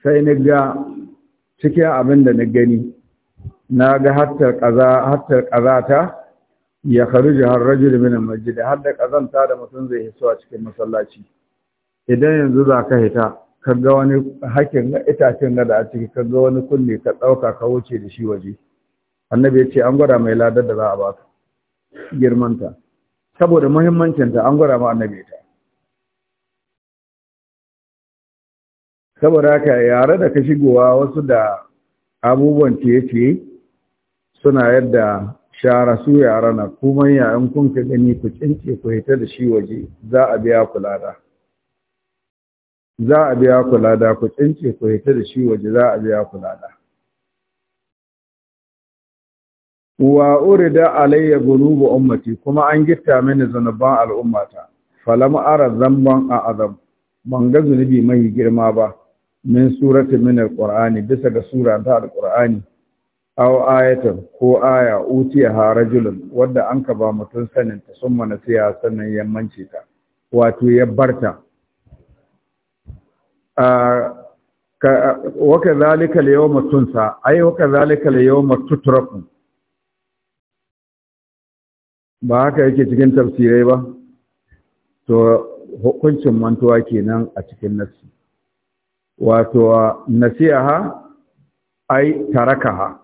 sai ni ga cikin abin da na gani na ga hattar ƙazata ya kharuji har rajul min al har da ƙazanta da mutum zai hiso a cikin masallaci idan yanzu za ka hita ka ga wani hakin na itacen da a ciki ka ga wani kunne ka ɗauka ka wuce da shi waje annabi ya ce an gwada mai ladar da za a baka girmanta saboda muhimmancinta an gwada ma annabi ta saboda haka yare da ka shigowa wasu da abubuwan ciye-ciye suna yadda shara su yara na kuma yayan kun ka gani ku tsince ku hita da shi waje za a biya ku lada za a biya ku lada ku tsince ku hita da shi waje za a biya ku lada wa urida alayya dhunubu ummati kuma an gitta mini zanuban al'ummata falam ara zamban a azam ban ga zunubi mai girma ba min surati min alqur'ani bisa ga sura ta alqur'ani aw ayatan ko aya utiya harajulun wadda an ka ba mutun sanin ta summa nasiya sanan yammanci ta wato ya barta waka zalika da yawon tunsa ai waka zalika da yawon tuturaku ba haka yake cikin tafsirai ba to hukuncin mantuwa kenan a cikin nasi wato nasiha ai tarakaha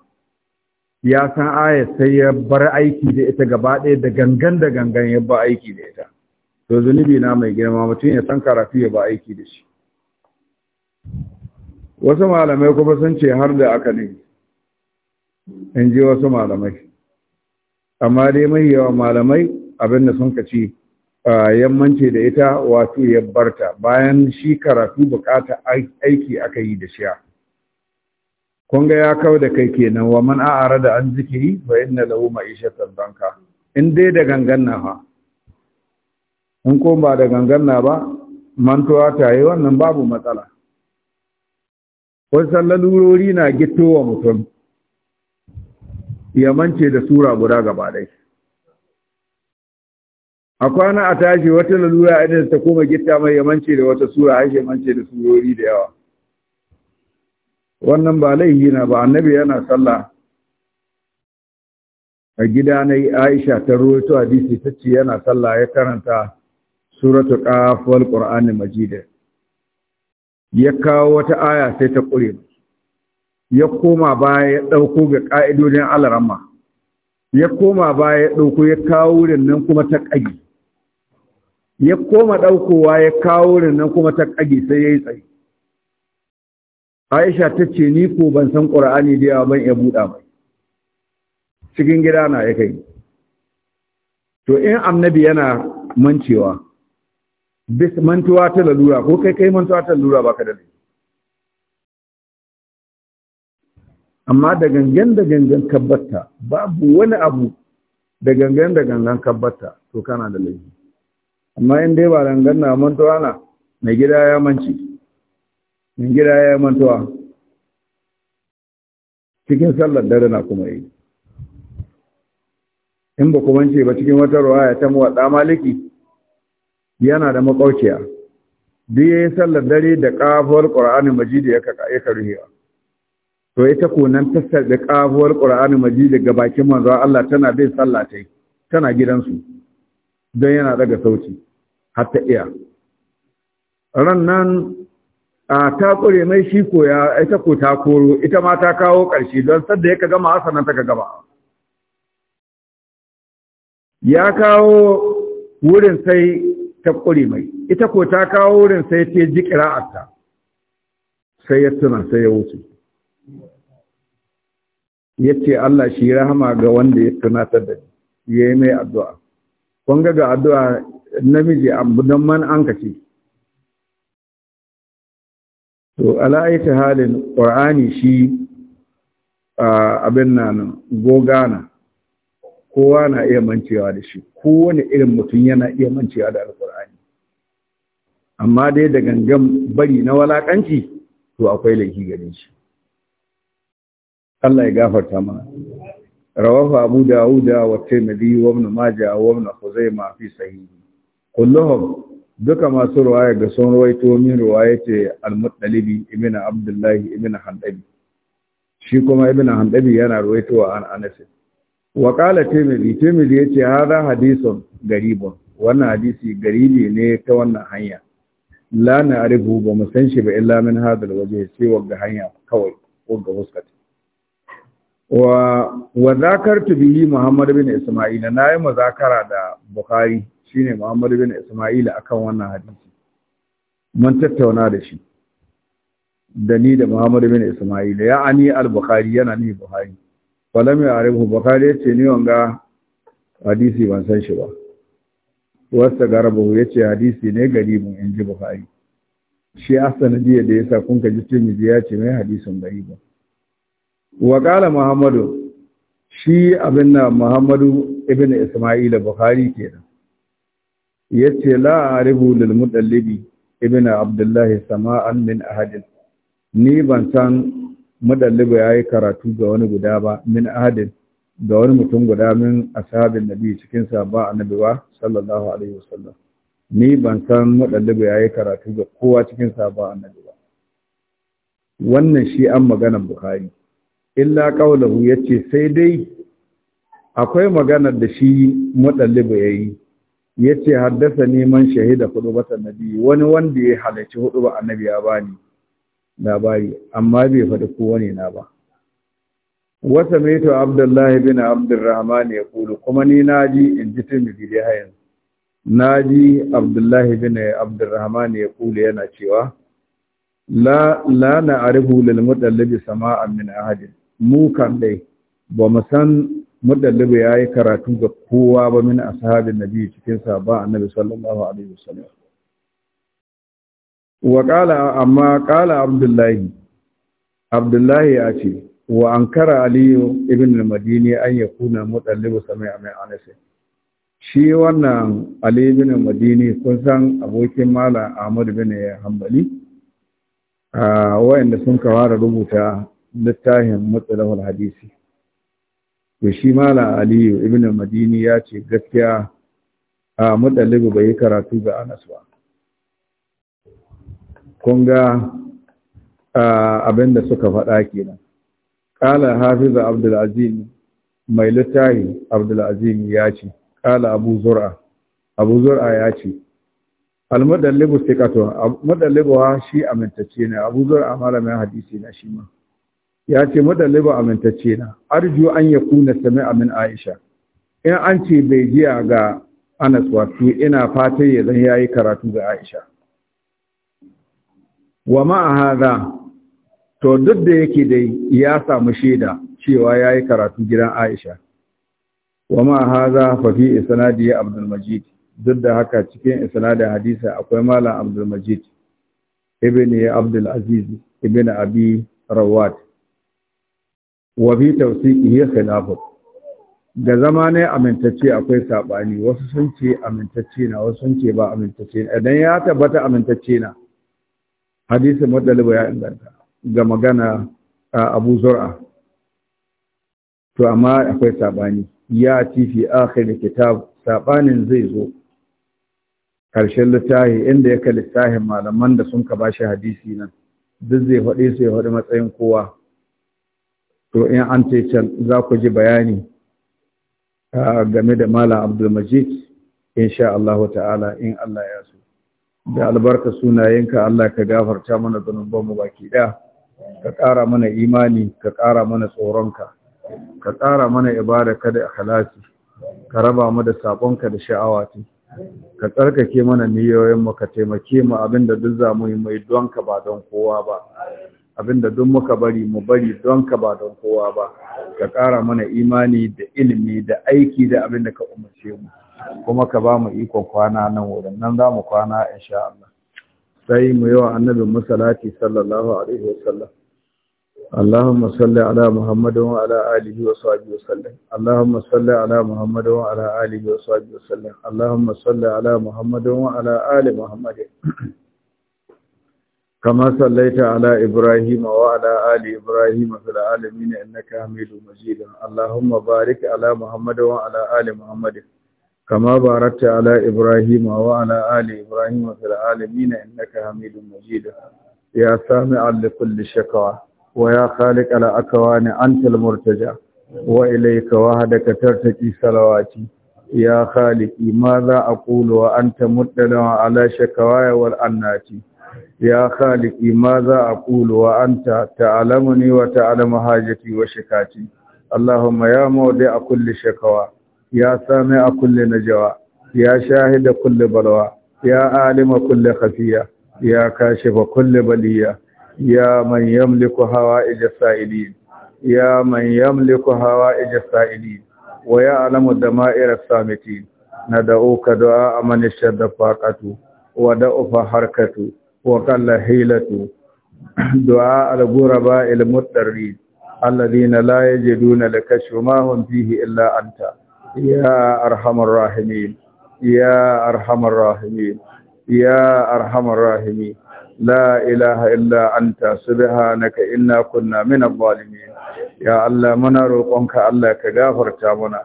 ya san aya sai ya bar aiki da ita gaba ɗaya da gangan da gangan ya ba aiki da ita to zunubi na mai girma mutum ya san karatu ya ba aiki da shi wasu malamai kuma sun ce har da aka ne in ji wasu malamai amma dai mai yawan malamai abinda sun kaci yammanci da ita wato yabbarta bayan shi karatu bukata aiki aka yi da shiya kun ga ya kawo da kai kenan wa man a'ara da an zikiri fa inna lahu ma'ishatan banka in dai da na fa in ko ba da na ba mantuwa ta yi wannan babu matsala kun san lalurori na wa mutum ya da sura guda gaba dai a kwana a tashi wata lalura idan ta koma gitta mai ya da wata sura ai ya mance da surori da yawa wannan ba laihi na ba annabi yana sallah a gida na Aisha ta rawaito hadisi ce yana sallah ya karanta suratul qaf wal majid ya kawo wata aya sai ta ƙure ya koma baya ya ɗauko ga ƙa'idodin alaramma ya koma baya ya ɗauko ya kawo nan kuma ta ƙagi ya koma ɗaukowa ya kawo nan kuma ta ƙagi sai ya yi tsaye aisha ta ce ni ko ban san ƙura'ani da yawa ban iya buɗa ba cikin gida na ya kai to in annabi yana mancewa bis mantuwa ta lalura ko kai kai mantuwa ta lalura ka da laifi amma da gangan da gangan kabbata babu wani abu da gangan da gangan kabbata to kana da laifi amma in dai ba rangan na mantuwa na mai gida ya manci mai gida ya mantuwa cikin sallar dare na kuma yi in ba kuma ce ba cikin wata ruwaya ta muwaɗa maliki yana da makaukiya. duk yayin sallar dare da kafuwar qur'ani majidi ya kaka ya karuwa to ita ko nan ta da kafuwar qur'ani majidi ga bakin manzo Allah tana bin sallah tai tana gidansu don yana daga sauti har iya ran nan a ta kure mai shi koya, ai ita ko ta koro ita ma ta kawo ƙarshe don sadda ya gama hasanan ta gaba ya kawo wurin sai ta ƙure mai ita ko ta kawo wurin sai ta ji ƙira'arta sai ya tuna sai ya wuce ya ce Allah shi rahama ga wanda ya tunatar da ya yi mai addu'a kun ga ga addu'a namiji abu don man an kace to ala'aita halin ƙur'ani shi abin nan gogana kowa na iya mancewa da shi kowane irin mutum yana iya mancewa da alkur'ani amma dai da gangan bari na walakanci to akwai laifi gare shi Allah ya gafarta mana rawahu abu dawuda wa tirmidhi wa ibn majah wa ibn khuzaimah fi sahih kulluhum duka masu ruwaya ga sun ruwaito min ruwayati al-muttalibi ibn abdullah ibn handabi shi kuma ibn handabi yana ruwaitowa an anas wa qala tirmidhi ya ce hadha hadithun garibun wannan hadisi garibi ne ta wannan hanya la arifu ba mu san shi ba illa min hadal waje sai wagga hanya kawai wagga huskata wa wa zakartu bihi muhammad bin isma'ila nayi muzakara da bukhari shine muhammad bin isma'ila akan wannan hadisi mun tattauna da shi da ni da muhammad bin isma'ila ya'ani al-bukhari yana ni bukhari falam ya arifu bakari yace ni wanga hadisi ban san shi ba wasta garabu yace hadisi ne gari in ji bukari shi asanadiya da yasa kun ka ji tirmidhi ya ce mai hadisin ba wa qala muhammadu shi abinna muhammadu ibn isma'il bukhari kenan yace la arifu lil mudallibi ibn abdullah sama'an min ahadin ni ban san madalliba ya yi karatu ga wani guda ba min adin, ga wani mutum guda min ashabin nabi cikin sahaba annabi ba sallallahu alaihi wasallam ni ban san madalliba ya yi karatu ga kowa cikin sahaba annabi ba wannan shi an maganar bukari illa ya yace sai dai akwai maganar da shi madalliba yayi yace haddasa neman shahida hudubatan nabi wani wanda ya halarci hudubar annabi ya bani labari amma bai faɗi kowane na ba wata meto abdullahi bin abdurrahman ya kulu kuma ni na ji in ji tirmidhi dai yanzu. na ji abdullahi bin abdurrahman ya kulu yana cewa la la na arifu lil mudallibi sama'an min ahadin mu kan dai ba mu san mudallibi ya yi karatu ga kowa ba min ashabin nabi cikin sahaba annabi sallallahu alaihi wasallam wa ƙala amma ƙala abdullahi abdullahi ya ce wa an kara aliyu ibn madini an ya kuna mutsallibu sami a mai anasai shi wannan ali ibn madini kun san abokin mala ahmad bin hanbali a wayanda sun kawara rubuta littafin mutsalahul hadisi to shi mala aliyu ibn madini ya ce gaskiya a mutsallibu bai yi karatu ga anas ba kun ga abin da suka faɗa kenan nan ƙala hafiza azim mai littahi abdul ya ce Ƙala abu zur'a abu zur'a ya ce almudallibu thiqatu mudallibuha shi amintacce ne abu zur'a malamin hadisi na shi ma ya ce mudallibu amintacce na arju an kuna sami amin aisha in an ce bai jiya ga Anas wasu ina fatan ya zan yayi karatu ga Aisha wa a hadha to duk da yake dai ya samu shaida cewa ya yi karatu gidan Aisha wa ma a fa Fafi isnadi Abdul Abdulmajid, duk da haka cikin isnadin hadisa akwai malam Abdulmajid. Majid ibn abdulaziz Aziz ibn Abi Rawat wa bi tawsiqihi khilafu Da zama ne amintacce akwai sabani wasu sun ce amintacce na wasu sun ce ba amintacce idan ya tabbata amintacce na hadisin muɗaliba ya inganta ga magana a abu zura to amma akwai sabani ya fi akhir kitab saɓanin zai zo Karshen littafi inda yake littafin malaman da sun ka bashi hadisi nan duk zai fadi su ya faɗi matsayin kowa to in an ce can za ku ji bayani game da malam abdulmajid insha Allah ta'ala in Allah ya so da albarka sunayenka Allah ka gafarta mana zunubanmu baki ɗaya ka ƙara mana imani ka ƙara mana tsoronka ka ƙara mana ibada ka da ikhlasi ka raba mu da sabonka da sha'awati ka tsarkake mana niyoyin mu ka taimake mu abinda duk za mu yi mai don ba don kowa ba abinda duk muka bari mu bari don ba don kowa ba ka ƙara mana imani da ilimi da aiki da abinda ka umarce mu kuma ka ba mu iko kwana nan wurin nan za mu kwana insha Allah sai muyawa annabi wa annabin musalati sallallahu alaihi wasallam Allahumma salli ala Muhammad wa ala alihi wa sahbihi wasallam Allahumma salli ala Muhammad wa ala alihi wa sahbihi wasallam Allahumma salli ala Muhammad wa ala ali Muhammad كما صليت على ابراهيم وعلى ال ابراهيم في العالمين انك حميد مجيد اللهم بارك على محمد وعلى ال محمد kama baratta ala ibrahim wa ala ali ibrahim fil alamin innaka hamidun majid ya sami li kulli shakwa wa ya khaliq al akwan antal murtaja wa ilayka wahdaka tartaqi salawati ya khaliqi ma za aqulu wa anta muddalan ala shakawaya wal annati ya khaliqi ma za aqulu wa anta ta'lamuni wa ta'lamu hajati wa shakati allahumma ya mawdi'a kulli shakwa ya sami a kulle najawa ya shahida kulle balwa ya alima kulle khafiya ya kashifa kulle baliya ya man yamliku hawa as-sa'ilin ya man yamliku hawa'ij as-sa'ilin wa ya'lamu dama'ir as-samitin nad'uka du'a man shadda faqatu wa da'ufa harkatu wa qalla hilatu du'a al-ghuraba al-mutarrid alladhina la yajiduna lakashfa ma hum fihi illa anta يا أرحم الراحمين يا أرحم الراحمين يا أرحم الراحمين لا إله إلا أنت سبحانك إنا كنا من الظالمين يا الله منا روقك الله كغافر تامنا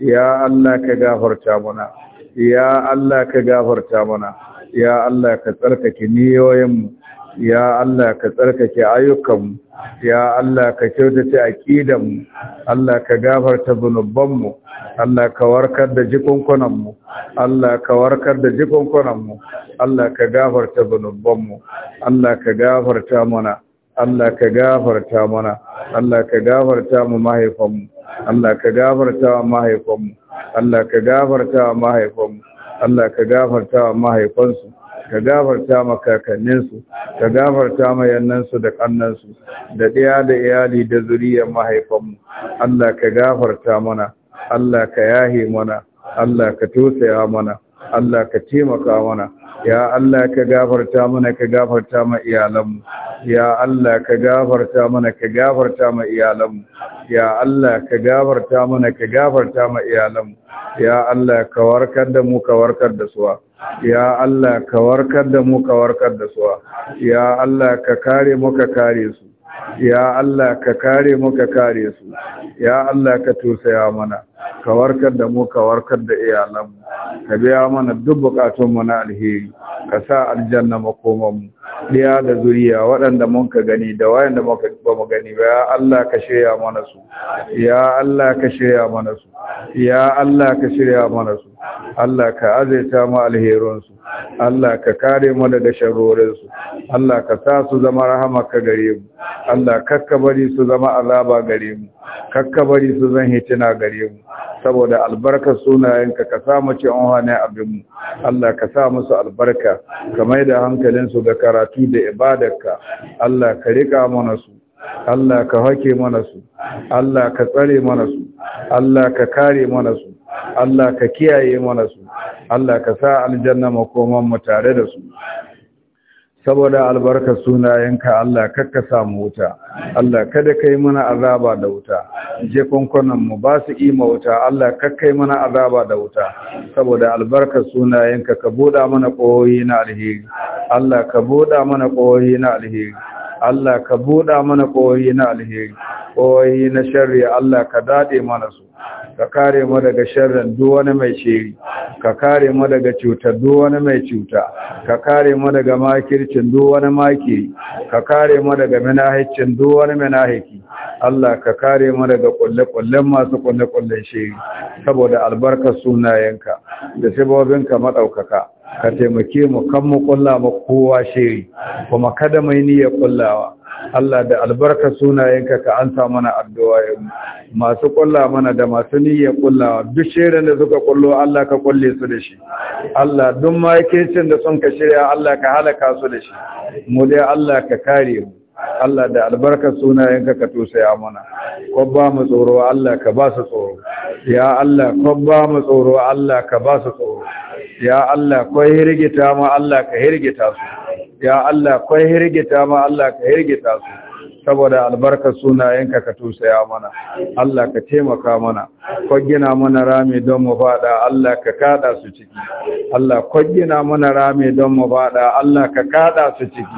يا الله كغافر تامنا يا الله كغافر تامنا يا الله كتركك نيويم ya Allah ka tsarkake ayyukanmu ya Allah ka kyautata mu Allah ka gafarta mu Allah ka warkar da jikunkunanmu Allah ka warkar da mu Allah ka gafarta mu Allah ka gafarta mana Allah ka gafarta mana Allah ka gafarta mu mahaifanmu Allah ka gafarta wa mahaifanmu Allah ka gafarta wa mahaifanmu Allah ka gafarta wa mahaifansu ka gafarta ma kakanninsu ka gafarta ma yannansu da kannansu da ɗaya da iyali da zuriyar mahaifanmu Allah ka gafarta mana Allah ka yahe mana Allah ka tosaya mana Allah ka taimaka mana ya Allah ka gafarta mana ka gafarta ma iyalanmu ya Allah ka gafarta mana ka gafarta ma iyalanmu ya Allah ka gafarta mana ka gafarta ma iyalanmu ya Allah ka warkar da mu ka warkar da suwa ya Allah ka warkar da mu ka warkar da su ya Allah ka kare mu ka kare su ya Allah ka kare mu ka kare su ya Allah ka tusaya mana ka warkar da mu ka warkar da iyalanmu ka biya mana duk bukatunmu na alheri ka sa aljanna makomanmu ɗaya da zuriya waɗanda mun ka gani da wayanda ba mu gani ba ya Allah ka shirya mana su ya Allah ka shirya mana su ya Allah ka shirya mana su Allah ka azaita mu alherinsu Allah ka kare mu daga sharorinsu Allah ka sa su zama ka gare mu Allah kakka bari su zama azaba gare mu kakka bari su zan hitina gare mu saboda albarka sunayenka ka sa mu ci anwane abin mu Allah ka sa musu albarka ka maida hankalinsu ga karatu da ibadarka Allah ka rika mana su Allah ka hake mana su Allah ka tsare mana su Allah ka kare mana su Allah ka kiyaye mana su Allah ka sa aljanna makoman mu tare da su saboda albarkar sunayenka Allah kakka samu wuta Allah kada kai mana azaba da wuta je konkonan mu ba su ima wuta Allah ka kai mana azaba da wuta saboda albarkar sunayenka ka buɗa mana koyi na alheri Allah ka buɗa mana koyi na alheri Allah ka buɗa mana ƙoyi na alheri ƙoyi na sharri Allah ka daɗe mana su ka kare mu daga sharrin duk wani mai shiri ka kare mu daga cutar duk wani mai cuta ka kare mu daga makircin duk wani makiri ka kare mu daga minahicin duk wani minahiki Allah ka kare mu daga kulle-kullen masu kulle-kullen shiri saboda albarkar sunayenka da sabobinka madaukaka ka taimake mu kan mu kulla ma kowa shiri kuma kada mai niyya kullawa Allah da albarka sunayenka ka ansa mana addu'a masu kulla mana da masu niyya kullawa duk shirin da suka kullo Allah ka kulle su da shi Allah duk ma yake cin da sun ka shirya Allah ka halaka su da shi mu dai Allah ka kare mu Allah da albarkar sunayenka ka tosaya mana kwabba mu tsoro Allah ka ba su tsoro ya Allah kwabba mu tsoro Allah ka ba su tsoro ya Allah koi hirgita mu Allah ka hirgita su ya Allah koi hirgita mu Allah ka hirgita su saboda albarkar sunayenka ka tusaya mana Allah ka taimaka mana kwaggina mana rami don mu fada Allah ka kada su ciki Allah kwaggina mana rami don mu fada Allah ka kada su ciki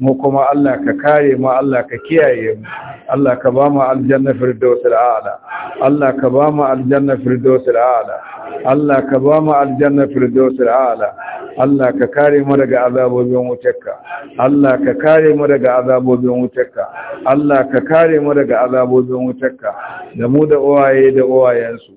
mu kuma Allah ka kare mu Allah ka kiyaye mu Allah ka ba mu aljanna firdausul a'la Allah ka ba mu aljanna firdausul a'la Allah ka ba mu aljanna firdausul a'la Allah ka kare mu daga azabobin wutarka Allah ka kare mu daga azabobin wutarka Allah ka kare mu daga azabobin ka, da mu da uwaye da uwayensu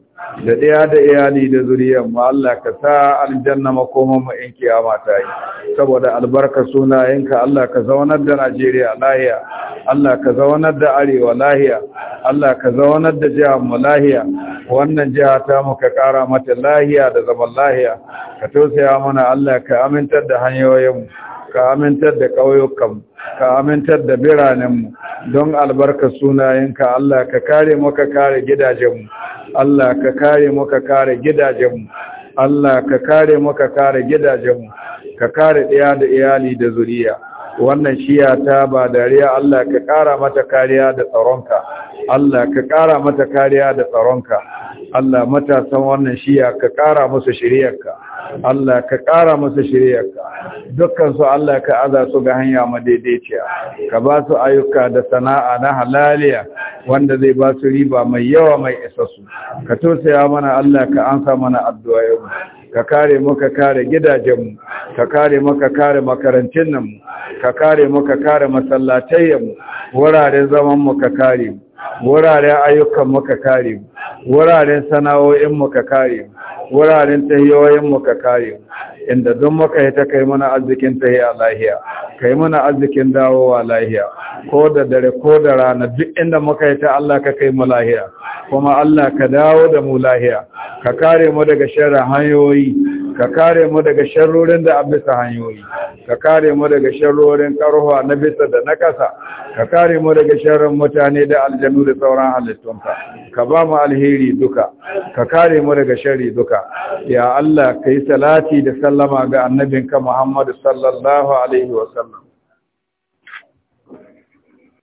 da ɗaya da iyali da zuriyar mu Allah ka sa aljanna makoman mu in kiyama ta yi saboda albarka sunayenka Allah ka zaunar da Najeriya lahiya Allah ka zaunar da Arewa lahiya Allah ka zaunar da jihar mu lahiya wannan jiha ta mu ka kara mata lahiya da zaman lahiya ka tausaya mana Allah ka amintar da hanyoyin ka amintar da ƙauyukan mu ka amintar da biranenmu don albarka sunayenka Allah ka kare mu ka kare gidajenmu Allah ka kare mu ka kare gidajenmu Allah ka kare mu ka kare gidajenmu ka kare ɗaya da iyali da zuriya wannan shiya ta ba dariya Allah ka kara mata kariya da tsaronka Allah ka kara mata kariya da tsaronka Allah matasan wannan shiya ka kara musu ka Allah ka ƙara masa shiryarka dukkan Allah ka aza su ga hanya madaidaiciya ka ba su ayyuka da sana'a na halaliya wanda zai ba su riba mai yawa mai isassu ka tosaya mana Allah ka ansa mana addu'a yau ka kare mu ka kare gidajenmu ka kare mu ka kare makarantunanmu ka kare mu ka kare mu wuraren zaman mu ka kare mu wuraren ayyukan muka kare mu wuraren sana'o'in muka kare mu wuraren tahiyoyin muka kare mu inda don muka yi ta kai mana arzikin tahiya lahiya kai mana arzikin dawowa lahiya ko da dare ko da rana duk inda muka yi ta Allah ka kai mu lahiya kuma Allah ka dawo da mu lahiya ka kare mu daga sharrin hanyoyi ka kare mu daga sharrorin da an bisa hanyoyi ka kare mu daga sharrorin karuwa na bisa da na ƙasa ka kare mu daga sharrin mutane da aljanu da sauran halittunka ka ba mu alheri duka ka kare mu daga sharri duka ya Allah kai salati da sallama ga annabinka Muhammad sallallahu alaihi wa sallam